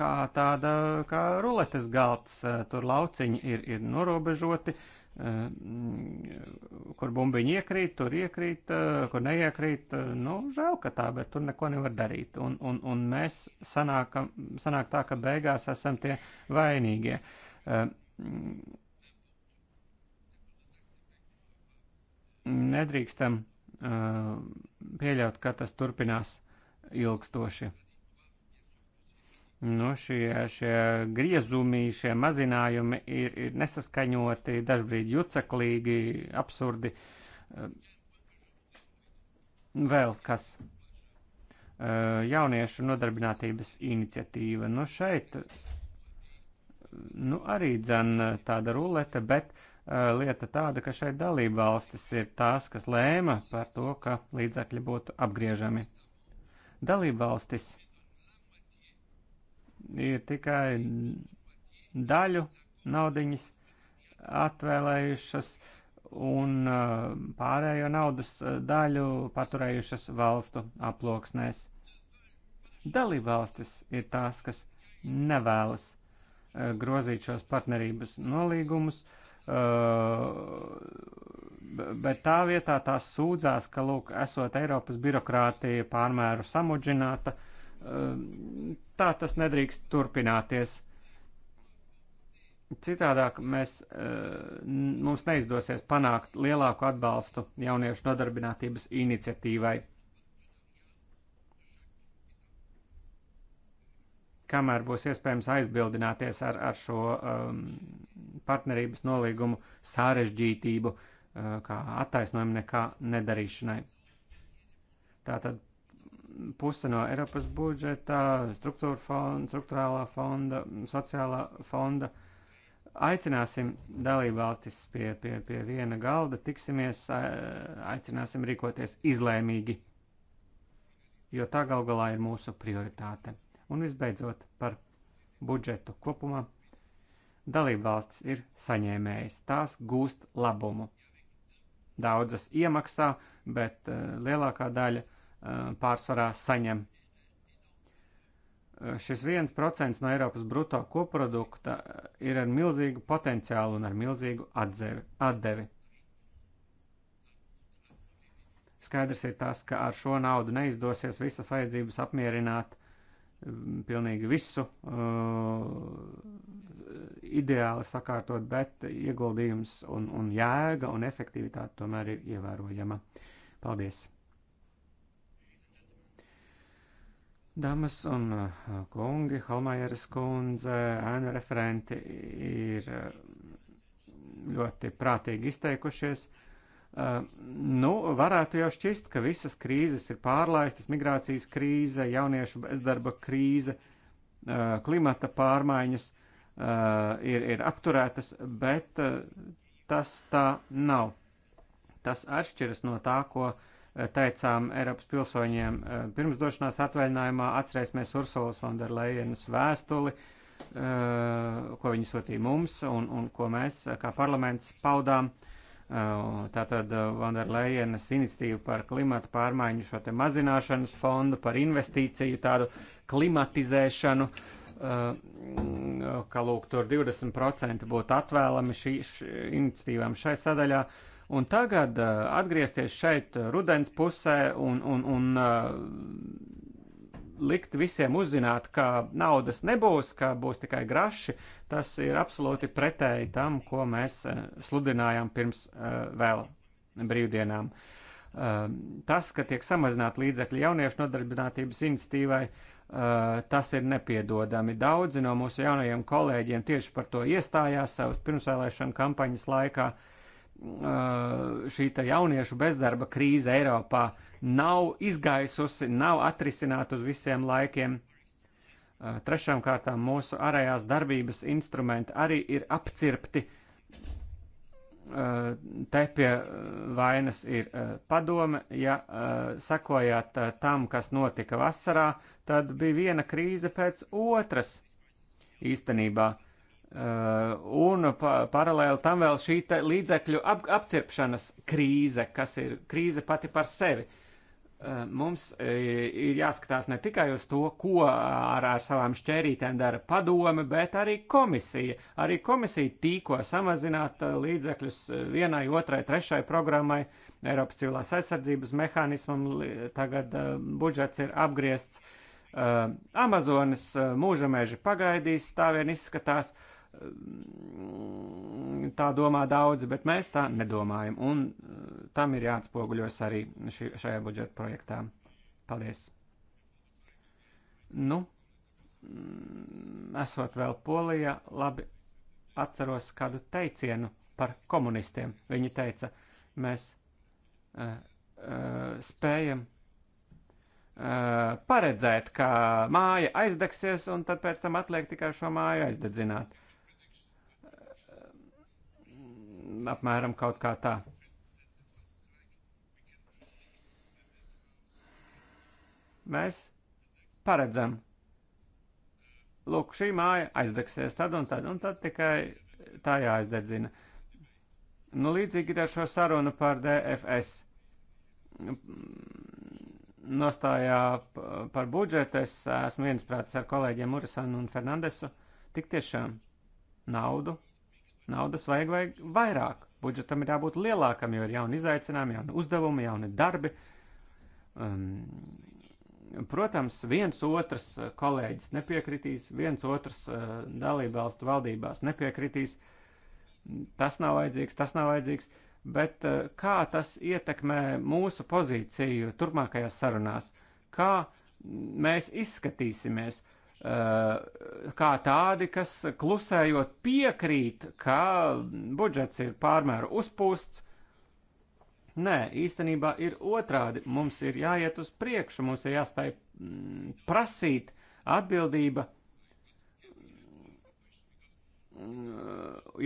kā tāda kā ruletes galds. Uh, tur lauciņi ir, ir norobežoti, uh, Eh, kur bumbiņi iekrīt, tur iekrīt, eh, kur neiekrīt. Eh, nu, žēl, ka tā, bet tur neko nevar darīt. Un, un, un mēs sanākam, sanāk tā, ka beigās esam tie vainīgie. Nedrīkstam pieļaut, ka tas turpinās ilgstoši nu, šie, šie griezumi, šie mazinājumi ir, ir nesaskaņoti, dažbrīd juceklīgi, absurdi. Ehm, vēl kas? Ehm, jauniešu nodarbinātības iniciatīva. Nu, šeit nu, arī dzan tāda rulete, bet ehm, lieta tāda, ka šeit dalība valstis ir tās, kas lēma par to, ka līdzakļi būtu apgriežami. Dalība valstis uh, ir tikai daļu naudiņas atvēlējušas un uh, pārējo naudas uh, daļu paturējušas valstu aploksnēs. Dalībvalstis ir tās, kas nevēlas uh, grozīt šos partnerības nolīgumus, bet tā vietā tās sūdzās, ka, lūk, esot Eiropas birokrātija pārmēru samudžināta, Tā tas nedrīkst turpināties. Citādāk mēs, e, mums neizdosies panākt lielāku atbalstu jauniešu nodarbinātības iniciatīvai. Kamēr būs iespējams aizbildināties ar, ar šo um, partnerības nolīgumu sarežģītību, uh, kā attaisnojumu nekā nedarīšanai. Tātad puse no Eiropas budžeta, struktūra fonda, struktūrālā fonda, sociālā fonda. Aicināsim dalībvalstis pie, pie, pie viena galda, tiksimies, aicināsim rīkoties izlēmīgi, jo tā gal galā ir mūsu prioritāte. Un visbeidzot par budžetu kopumā. Dalībvalstis ir saņēmējas, tās gūst labumu. Daudzas iemaksā, bet uh, lielākā daļa Eh, pārsvarā saņem. Eh, šis viens procents no Eiropas bruto koprodukta eh, ir ar milzīgu potenciālu un ar milzīgu atzevi, atdevi. Skaidrs ir tas, ka ar šo naudu neizdosies visas vajadzības apmierināt mm, pilnīgi visu uh, ideāli sakārtot, bet ieguldījums un, un jēga un efektivitāte tomēr ir ievērojama. Paldies! Dāmas un uh, kungi, Halmajeras kundze, ēnu referenti ir uh, ļoti prātīgi izteikušies. Uh, nu, varētu jau šķist, ka visas krīzes ir pārlaistas - migrācijas krīze, jauniešu bezdarba krīze, uh, klimata pārmaiņas uh, ir, ir apturētas, bet uh, tas tā nav. Tas atšķiras no tā, ko uh, Eh, teicām Eiropas pilsoņiem eh, pirms došanās atvaļinājumā, atcerēsimies Ursulas von der Leyenas vēstuli, eh, ko viņi sūtīja mums un, un ko mēs kā parlaments paudām. Tātad von der Leyenas iniciatīva par klimatu pārmaiņu, šo te mazināšanas fondu, par investīciju tādu klimatizēšanu, ka lūk, tur 20% būtu atvēlami šī, šī iniciatīvām šai sadaļā. Uh, Un tagad uh, atgriezties šeit uh, rudens pusē un, un, un uh, likt visiem uzzināt, ka naudas nebūs, ka būs tikai graši, tas ir absolūti pretēji tam, ko mēs sludinājām pirms vēl brīvdienām. Tas, ka tiek samazināt līdzekļi jauniešu nodarbinātības iniciatīvai, tas ir nepiedodami. Daudzi no mūsu jaunajiem kolēģiem tieši par to iestājās savas pirmsvēlēšana kampaņas laikā. Uh, Uh, šī jauniešu bezdarba krīze Eiropā nav izgaisusi, nav atrisināta uz visiem laikiem. Uh, trešām kārtām mūsu ārējās darbības instrumenti arī ir apcirpti. Uh, te pie vainas ir padome. Ja sakojāt tam, kas notika vasarā, tad bija viena krīze pēc otras īstenībā. Uh, Eh, un pa, paralēli tam vēl šī līdzekļu ap, apcirpšanas krīze, kas ir krīze pati par sevi. Eh, mums eh, ir jāskatās ne tikai uz to, ko ar, ar savām šķērītēm dara padome, bet arī komisija. Arī komisija tīko samazināt līdzekļus vienai, otrai, trešai programmai, Eiropas civilās aizsardzības mehānismam. Tagad budžets ir apgriezts. Amazonas mūža meži pagaidīs, tā vien izskatās. Uh, Ehm, tā domā daudzi, bet mēs tā nedomājam, un eh, tam ir jāatspoguļos arī ši, šajā budžeta projektā. Paldies! Nu, mm, esot vēl Polijā, labi atceros kādu teicienu par komunistiem. Viņi teica, mēs uh, uh, spējam Uh, paredzēt, ka māja aizdegsies, un tad pēc tam atliek tikai šo māju aizdedzināt. apmēram kaut kā tā. Mēs paredzam, lūk, šī māja aizdegsies tad un tad, un tad tikai tā jāaizdedzina. Nu, līdzīgi ir ar šo sarunu par DFS. Nostājā par budžetu es esmu viensprātis ar kolēģiem Murisanu un Fernandesu. Tik tiešām naudu Naudas vajag, vajag vairāk. Budžetam ir jābūt lielākam, jo ir jauni izaicinājumi, jauni uzdevumi, jauni darbi. Um, protams, viens otrs uh, kolēģis nepiekritīs, viens otrs uh, dalībvalstu valdībās nepiekritīs. Tas nav vajadzīgs, tas nav vajadzīgs. Bet uh, kā tas ietekmē mūsu pozīciju turpmākajās sarunās? Kā mēs izskatīsimies? Uh, Eh, kā tādi, kas klusējot piekrīt, ka budžets ir pārmēru uzpūsts. Nē, īstenībā ir otrādi. Mums ir jāiet uz priekšu, mums ir jāspēj mm, prasīt atbildība,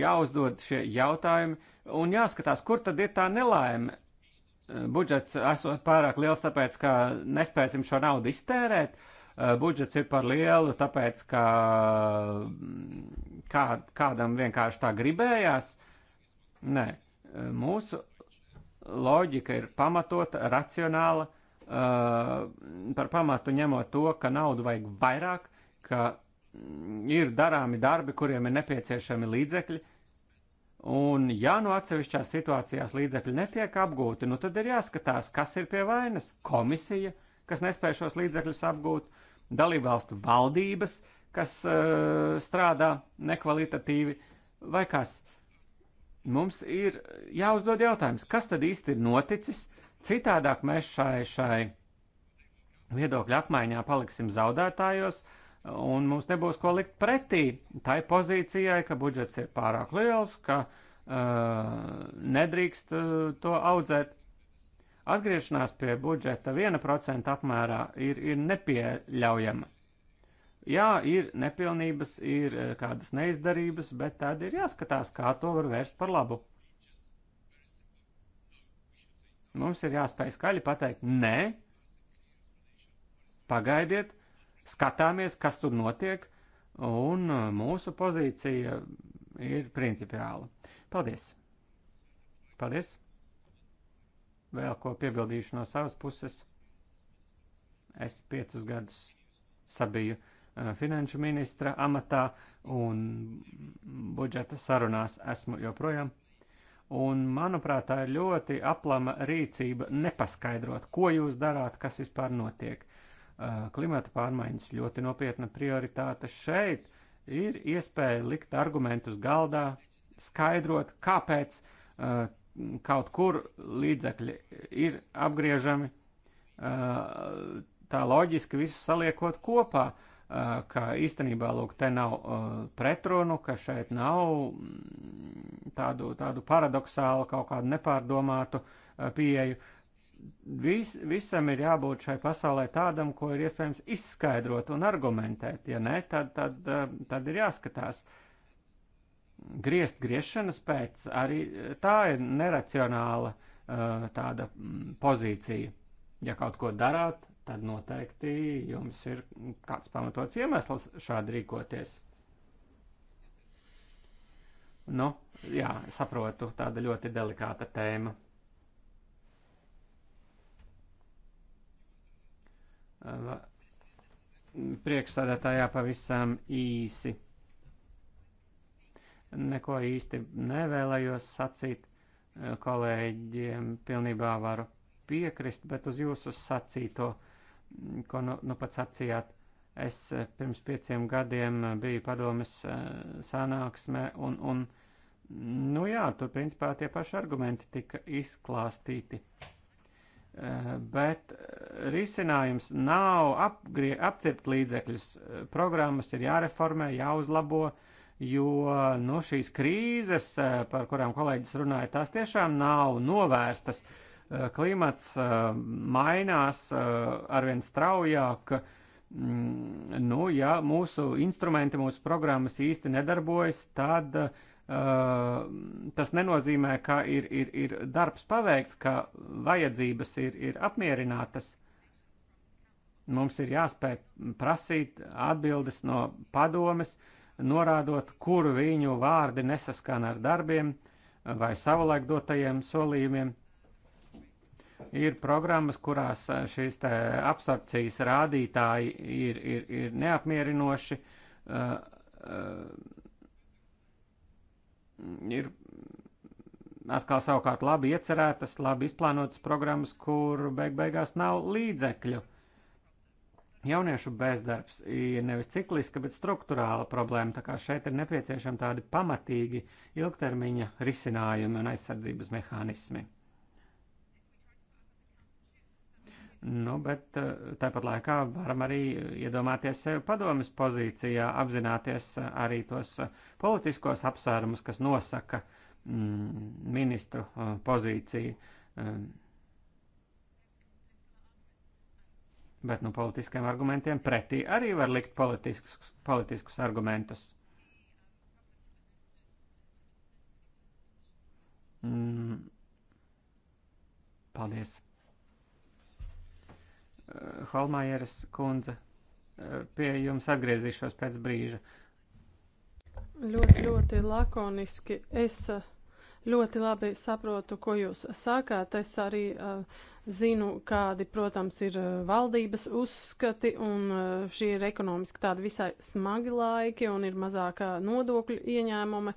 jāuzdod šie jautājumi un jāskatās, kur tad ir tā nelaime. Budžets esot pārāk liels, tāpēc, ka nespēsim šo naudu iztērēt. Uh, Eh, budžets ir par lielu, tāpēc ka mm, kā, kādam vienkārši tā gribējās. Nē, eh, mūsu loģika ir pamatota, racionāla, eh, par pamatu ņemot to, ka naudu vajag vairāk, ka mm, ir darāmi darbi, kuriem ir nepieciešami līdzekļi. Un, ja no nu atsevišķās situācijās līdzekļi netiek apgūti, nu tad ir jāskatās, kas ir pie vainas - komisija, kas nespēja šos līdzekļus apgūt, dalībvalstu valdības, kas uh, strādā nekvalitatīvi, vai kas. Mums ir jāuzdod jautājums, kas tad īsti ir noticis, citādāk mēs šai, šai viedokļa apmaiņā paliksim zaudētājos, un mums nebūs ko likt pretī tai pozīcijai, ka budžets ir pārāk liels, ka uh, nedrīkst uh, to audzēt. Atgriešanās pie budžeta 1% apmērā ir, ir nepieļaujama. Jā, ir nepilnības, ir eh, kādas neizdarības, bet tad ir jāskatās, kā to var vērst par labu. Mums ir jāspēj skaļi pateikt, nē, pagaidiet, skatāmies, kas tur notiek, un eh, mūsu pozīcija ir principiāla. Paldies! Paldies! vēl ko piebildīšu no savas puses. Es piecus gadus sabiju uh, finanšu ministra amatā un budžeta sarunās esmu joprojām. Un, manuprāt, tā ir ļoti aplama rīcība nepaskaidrot, ko jūs darāt, kas vispār notiek. Uh, klimata pārmaiņas ļoti nopietna prioritāte šeit ir iespēja likt argumentus galdā, skaidrot, kāpēc uh, kaut kur līdzekļi ir apgriežami, tā loģiski visu saliekot kopā, ka īstenībā, lūk, te nav pretrunu, ka šeit nav mm, tādu, tādu paradoxālu, kaut kādu nepārdomātu pieeju. Vis, visam ir jābūt šai pasaulē tādam, ko ir iespējams izskaidrot un argumentēt. Ja nē, tad, tad, tad ir jāskatās. Uh, griezt griešanas pēc, arī tā ir neracionāla uh, tāda mm, pozīcija. Ja kaut ko darāt, tad noteikti jums ir kāds pamatots iemesls šādi rīkoties. Nu, jā, saprotu, tāda ļoti delikāta tēma. Uh, priekšsēdētājā pavisam īsi neko īsti nevēlējos sacīt. Eh, kolēģiem pilnībā varu piekrist, bet uz jūsu sacīto, mm, ko nu, nu pats sacījāt, es eh, pirms pieciem gadiem eh, biju padomis sanāksmē un, un, mm, nu jā, tur principā tie paši argumenti tika izklāstīti bet risinājums nav apgrie, apcirpt līdzekļus. Programmas ir jāreformē, jāuzlabo, jo nu, šīs krīzes, eh, par kurām kolēģis runāja, tās tiešām nav novērstas. Eh, klimats eh, mainās arvien straujāk. Mm, nu, ja mūsu instrumenti, mūsu programmas īsti nedarbojas, tad uh, tas nenozīmē, ka ir, ir, ir darbs paveikts, ka vajadzības ir, ir apmierinātas. Mums ir jāspēj prasīt atbildes no padomes, uh, norādot, kur viņu vārdi nesaskan ar darbiem vai savulaik dotajiem solījumiem. Ir programmas, kurās eh, šīs absorpcijas rādītāji ir, ir, ir neapmierinoši. Uh, uh, ir atkal savukārt labi iecerētas, labi izplānotas programmas, kur beig beigās nav līdzekļu. Uh, Jauniešu bezdarbs ir nevis cikliska, bet struktūrāla problēma, tā kā šeit ir nepieciešami tādi pamatīgi ilgtermiņa risinājumi un aizsardzības mehānismi. Nu, bet eh, tāpat laikā varam arī iedomāties sevi padomjas pozīcijā, apzināties eh, arī tos eh, politiskos apsvērumus, kas nosaka mm, ministru pozīciju. Mm, Bet nu politiskiem argumentiem pretī arī var likt politiskus, politiskus argumentus. Mm. Paldies. Eh, Holmājeras kundze, eh, pie jums atgriezīšos pēc brīža. Ļoti, ļoti lakoniski. Es. Uh Ļoti labi saprotu, ko jūs sakāt. Es arī uh, zinu, kādi, protams, ir eh, valdības uzskati, un uh, šie ir ekonomiski tādi visai smagi laiki, un ir mazākā nodokļu ieņēmuma.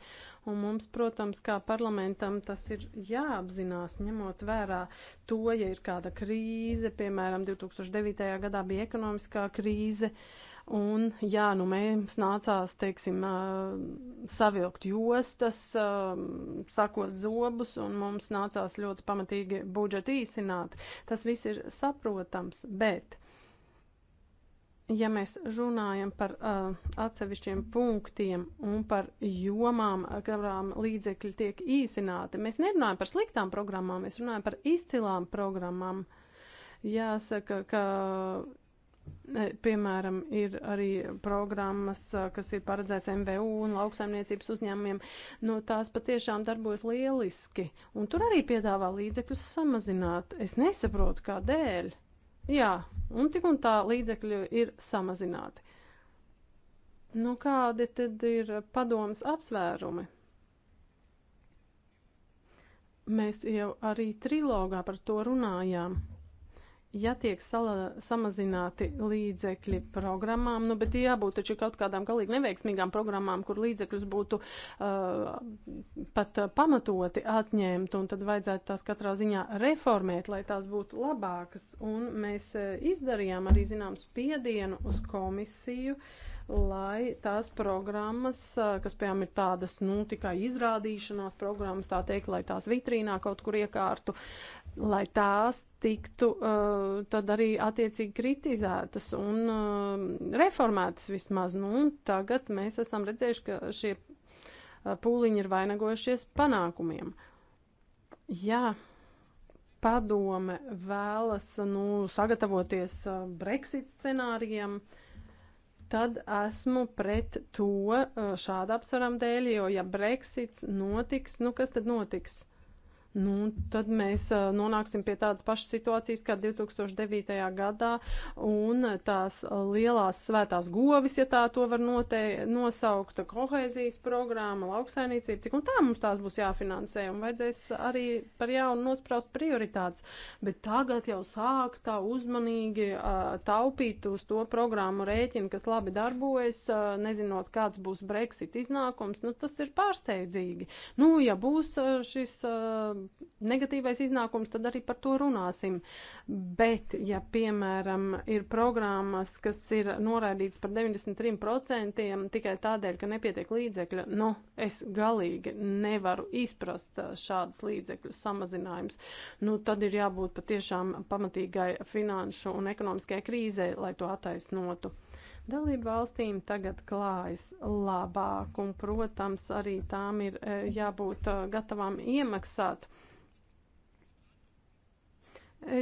Un mums, protams, kā parlamentam tas ir jāapzinās, ņemot vērā to, ja ir kāda krīze, piemēram, 2009. gadā bija ekonomiskā krīze. Uh, Un, jā, nu mēs nācās, teiksim, savilkt jostas, sakos zobus, un mums nācās ļoti pamatīgi budžetu īsināt. Tas viss ir saprotams, bet, ja mēs runājam par atsevišķiem punktiem un par jomām, kurām līdzekļi tiek īsināti, mēs nerunājam par sliktām programmām, mēs runājam par izcilām programmām jāsaka, ka Piemēram, ir arī programmas, kas ir paredzēts MVU un lauksaimniecības uzņēmumiem. No tās patiešām darbojas lieliski. Un tur arī piedāvā līdzekļus samazināt. Es nesaprotu, kādēļ. Jā, un tik un tā līdzekļi ir samazināti. Nu, kādi tad ir padomas apsvērumi? Mēs jau arī trilogā par to runājām ja tiek sala, samazināti līdzekļi programmām, nu, bet jābūt taču kaut kādām galīgi neveiksmīgām programmām, kur līdzekļus būtu uh, pat uh, pamatoti atņemt, un tad vajadzētu tās katrā ziņā reformēt, lai tās būtu labākas. Un mēs uh, izdarījām arī, zinām, spiedienu uz komisiju. Uh, lai tās programmas, kas, piemēram, ir tādas, nu, tikai izrādīšanās programmas, tā teikt, lai tās vitrīnā kaut kur iekārtu, lai tās tiktu uh, tad arī attiecīgi kritizētas un uh, reformētas vismaz. Nu, un tagad mēs esam redzējuši, ka šie pūliņi ir vainagojušies panākumiem. Jā, padome vēlas, nu, sagatavoties Brexit scenārijam. Uh, tad esmu pret to uh, šāda apsvaram dēļ, jo ja Brexits notiks, nu kas tad notiks? nu, tad mēs nonāksim pie tādas pašas situācijas kā 2009. gadā, un tās lielās svētās govis, ja tā to var notei, nosaukt, kohēzijas programma, lauksainīcība, tik un tā mums tās būs jāfinansē, un vajadzēs arī par jaunu nospraust prioritātes, bet tagad jau sāk tā uzmanīgi uh, taupīt uz to programmu rēķinu, kas labi darbojas, uh, nezinot, kāds būs Brexit iznākums, nu, tas ir pārsteidzīgi. Nu, ja būs uh, šis uh, negatīvais iznākums, tad arī par to runāsim. Bet, ja, piemēram, ir programmas, kas ir noraidīts par 93% tikai tādēļ, ka nepietiek līdzekļa, nu, es galīgi nevaru izprast šādus līdzekļu samazinājumus. Nu, tad ir jābūt patiešām pamatīgai finanšu un ekonomiskajai krīzē, lai to attaisnotu. Dalību valstīm tagad klājas labāk, un, protams, arī tām ir e, jābūt e, gatavām iemaksāt.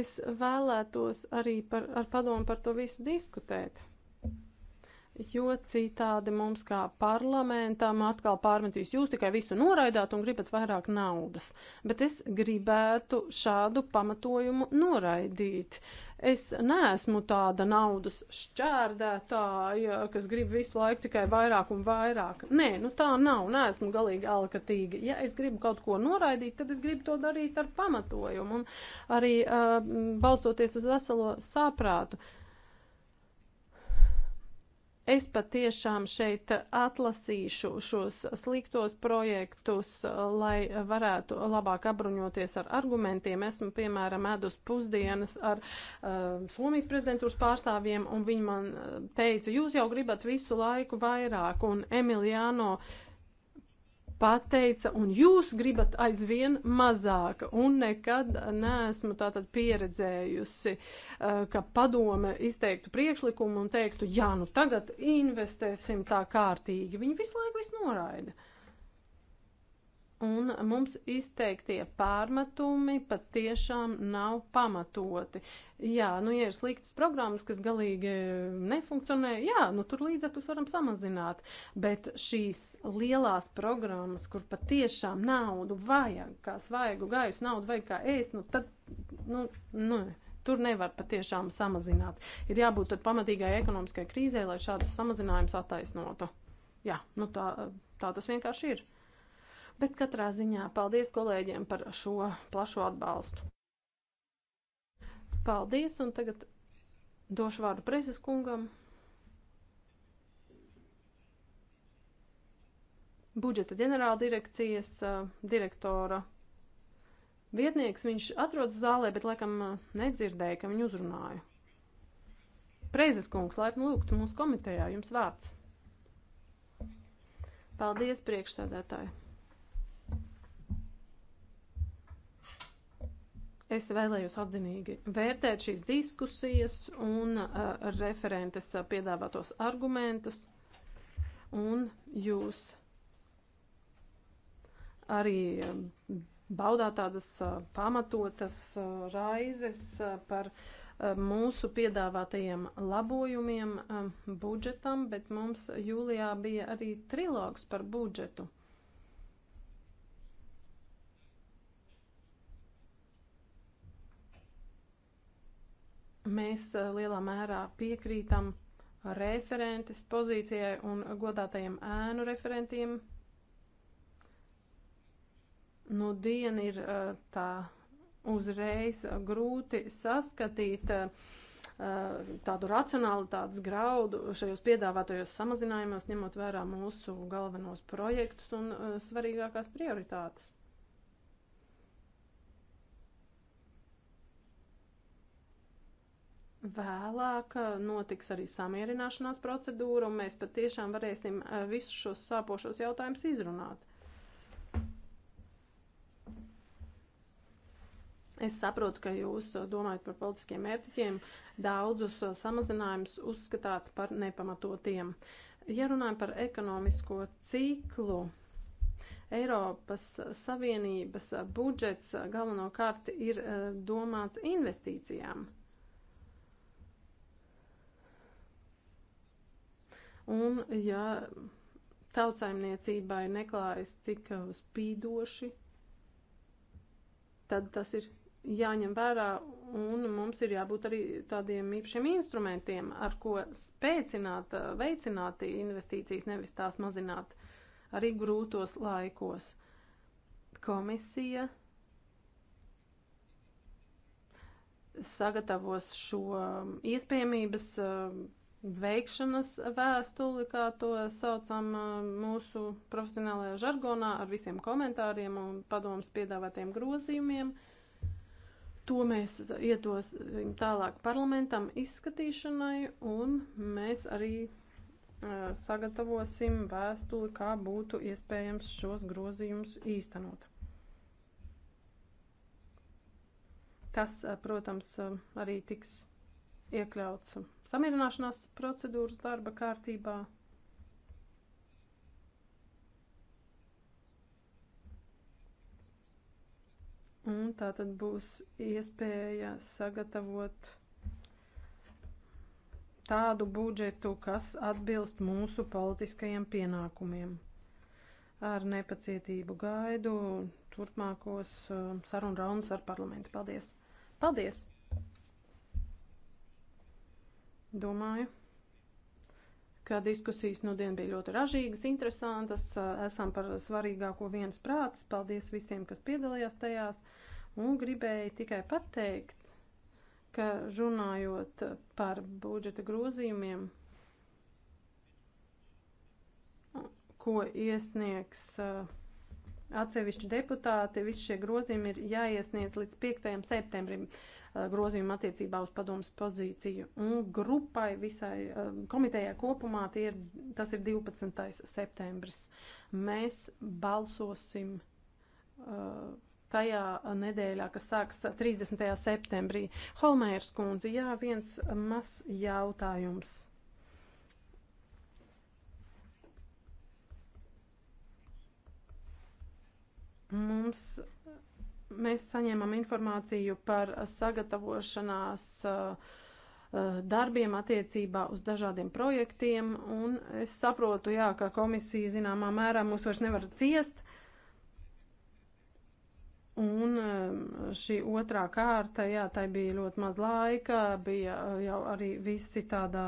Es vēlētos arī par, ar padomu par to visu diskutēt jo citādi mums kā parlamentam atkal pārmetīs, jūs tikai visu noraidāt un gribat vairāk naudas. Bet es gribētu šādu pamatojumu noraidīt. Uh, Es neesmu tāda naudas šķērdētāja, kas grib visu laiku tikai vairāk un vairāk. Nē, nu tā nav, neesmu galīgi alkatīga. Ja es gribu kaut ko noraidīt, tad es gribu to darīt ar pamatojumu un arī uh, balstoties uz veselo saprātu. Uh, Es patiešām šeit atlasīšu šos sliktos projektus, lai varētu labāk apbruņoties ar argumentiem. Esmu, piemēram, medus pusdienas ar uh, Somijas prezidentūras pārstāvjiem, un viņi man uh, teica, jūs jau gribat visu laiku vairāk, un Emiliano uh, pateica, un jūs gribat aizvien mazāk, un nekad neesmu tātad pieredzējusi, eh, ka padome izteiktu priekšlikumu un teiktu, jā, nu tagad investēsim tā kārtīgi. Viņi visu laiku visu noraida un mums izteiktie pārmetumi patiešām nav pamatoti. Jā, nu, ja ir sliktas programmas, kas galīgi nefunkcionē, jā, nu, tur līdzekļus varam samazināt, bet šīs lielās programmas, kur patiešām naudu vajag, kā svaigu gaisu naudu vajag kā ēst, nu, tad, nu, nu, tur nevar patiešām samazināt. Ir jābūt tad pamatīgai ekonomiskai krīzē, lai šādas samazinājumas attaisnotu. Jā, nu tā, tā tas vienkārši ir. Bet katrā ziņā paldies kolēģiem par šo plašo atbalstu. Paldies, un tagad došu vārdu preses kungam. Budžeta ģenerāldirekcijas direktora vietnieks, viņš atrodas zālē, bet laikam nedzirdēja, ka viņu uzrunāju. Preizes kungs, laipni lūgtu mūsu komitejā, jums vārds. Paldies, priekšsēdētāji! Es vēlējos atzinīgi vērtēt šīs diskusijas un uh, referentes uh, piedāvātos argumentus. Un jūs arī uh, baudāt tādas uh, pamatotas uh, raizes uh, par uh, mūsu piedāvātajiem labojumiem uh, budžetam, bet mums jūlijā bija arī trilogs par budžetu. Mēs eh, lielā mērā piekrītam referentes pozīcijai un godātajiem ēnu referentiem. Nu, diena ir eh, tā uzreiz grūti saskatīt eh, tādu racionālitātes graudu šajos piedāvātajos samazinājumos, ņemot vērā mūsu galvenos projektus un svarīgākās prioritātes. Vēlāk eh, notiks arī samierināšanās procedūra, un mēs patiešām varēsim eh, visus šos sāpošos jautājumus izrunāt. Es saprotu, ka jūs eh, domājat par politiskiem mērķiem, daudzus samazinājumus uzskatāt par nepamatotiem. Ja runājam par ekonomisko ciklu, Eiropas Savienības budžets galvenokārt ir domāts investīcijām. Un, ja tautsaimniecībai neklājas tik uh, spīdoši, tad tas ir jāņem vērā un mums ir jābūt arī tādiem īpašiem instrumentiem, ar ko spēcināt, uh, veicināt investīcijas, nevis tās mazināt arī grūtos laikos. Komisija sagatavos šo um, iespējamības um, veikšanas vēstuli, kā to saucam mūsu profesionālajā žargonā, ar visiem komentāriem un padomus piedāvātiem grozījumiem. To mēs iedosim tālāk parlamentam izskatīšanai, un mēs arī uh, sagatavosim vēstuli, kā būtu iespējams šos grozījumus īstenot. Tas, protams, arī tiks iekļauts samierināšanās procedūras darba kārtībā. Un tā tad būs iespēja sagatavot tādu budžetu, kas atbilst mūsu politiskajiem pienākumiem. Ar nepacietību gaidu turpmākos uh, sarunu raundus ar parlamentu. Paldies! Paldies! Domāju, ka diskusijas nodien nu bija ļoti ražīgas, interesantas. Esam par svarīgāko viens prāts. Paldies visiem, kas piedalījās tajās. Un gribēju tikai pateikt, ka runājot par budžeta grozījumiem, ko iesniegs uh, atsevišķi deputāti, visi šie grozījumi ir jāiesniedz līdz 5. septembrim. Uh, Eh, grozījumu attiecībā uz padomas pozīciju. Un grupai visai eh, komitejai kopumā tie ir, tas ir 12. septembris. Mēs balsosim eh, tajā nedēļā, kas sāks 30. septembrī. Holmērs kundze, jā, viens mazs jautājums. Mums mēs saņēmam informāciju par sagatavošanās eh, eh, darbiem attiecībā uz dažādiem projektiem, un es saprotu, jā, ka komisija zināmā mērā mūs vairs nevar ciest, Un eh, šī otrā kārta, jā, tai bija ļoti maz laika, bija jau arī visi tādā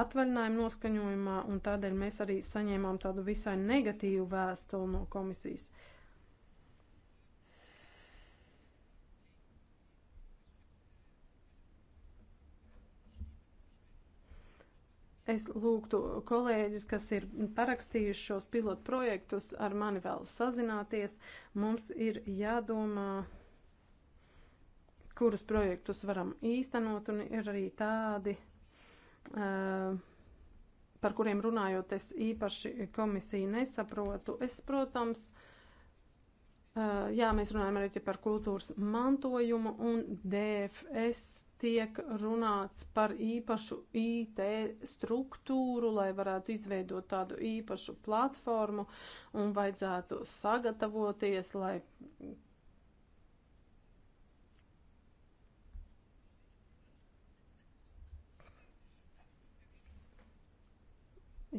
atvaļinājuma noskaņojumā, un tādēļ mēs arī saņēmām tādu visai negatīvu vēstuli no komisijas. Uh, Es lūgtu kolēģis, kas ir parakstījuši šos pilotu projektus, ar mani vēl sazināties. Mums ir jādomā, kurus projektus varam īstenot, un ir arī tādi, eh, par kuriem runājot, es īpaši komisiju nesaprotu. Es, protams, eh, jā, mēs runājam arī par kultūras mantojumu un DFS tiek runāts par īpašu IT struktūru, lai varētu izveidot tādu īpašu platformu un vajadzētu sagatavoties, lai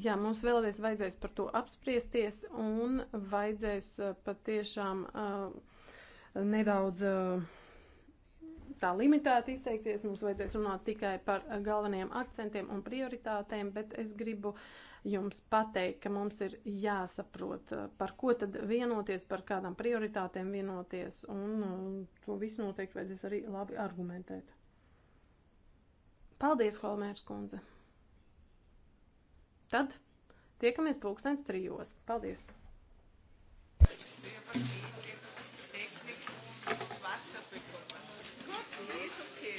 Jā, mums vēlreiz vajadzēs par to apspriesties un vajadzēs uh, patiešām uh, nedaudz uh, tā limitēti izteikties, mums vajadzēs runāt tikai par galvenajiem akcentiem un prioritātēm, bet es gribu jums pateikt, ka mums ir jāsaprot, eh, par ko tad vienoties, par kādām prioritātēm vienoties, un eh, to visu noteikti vajadzēs arī labi argumentēt. Paldies, Holmērs kundze! Tad tiekamies pulkstens trijos. Paldies! Thank you. disappear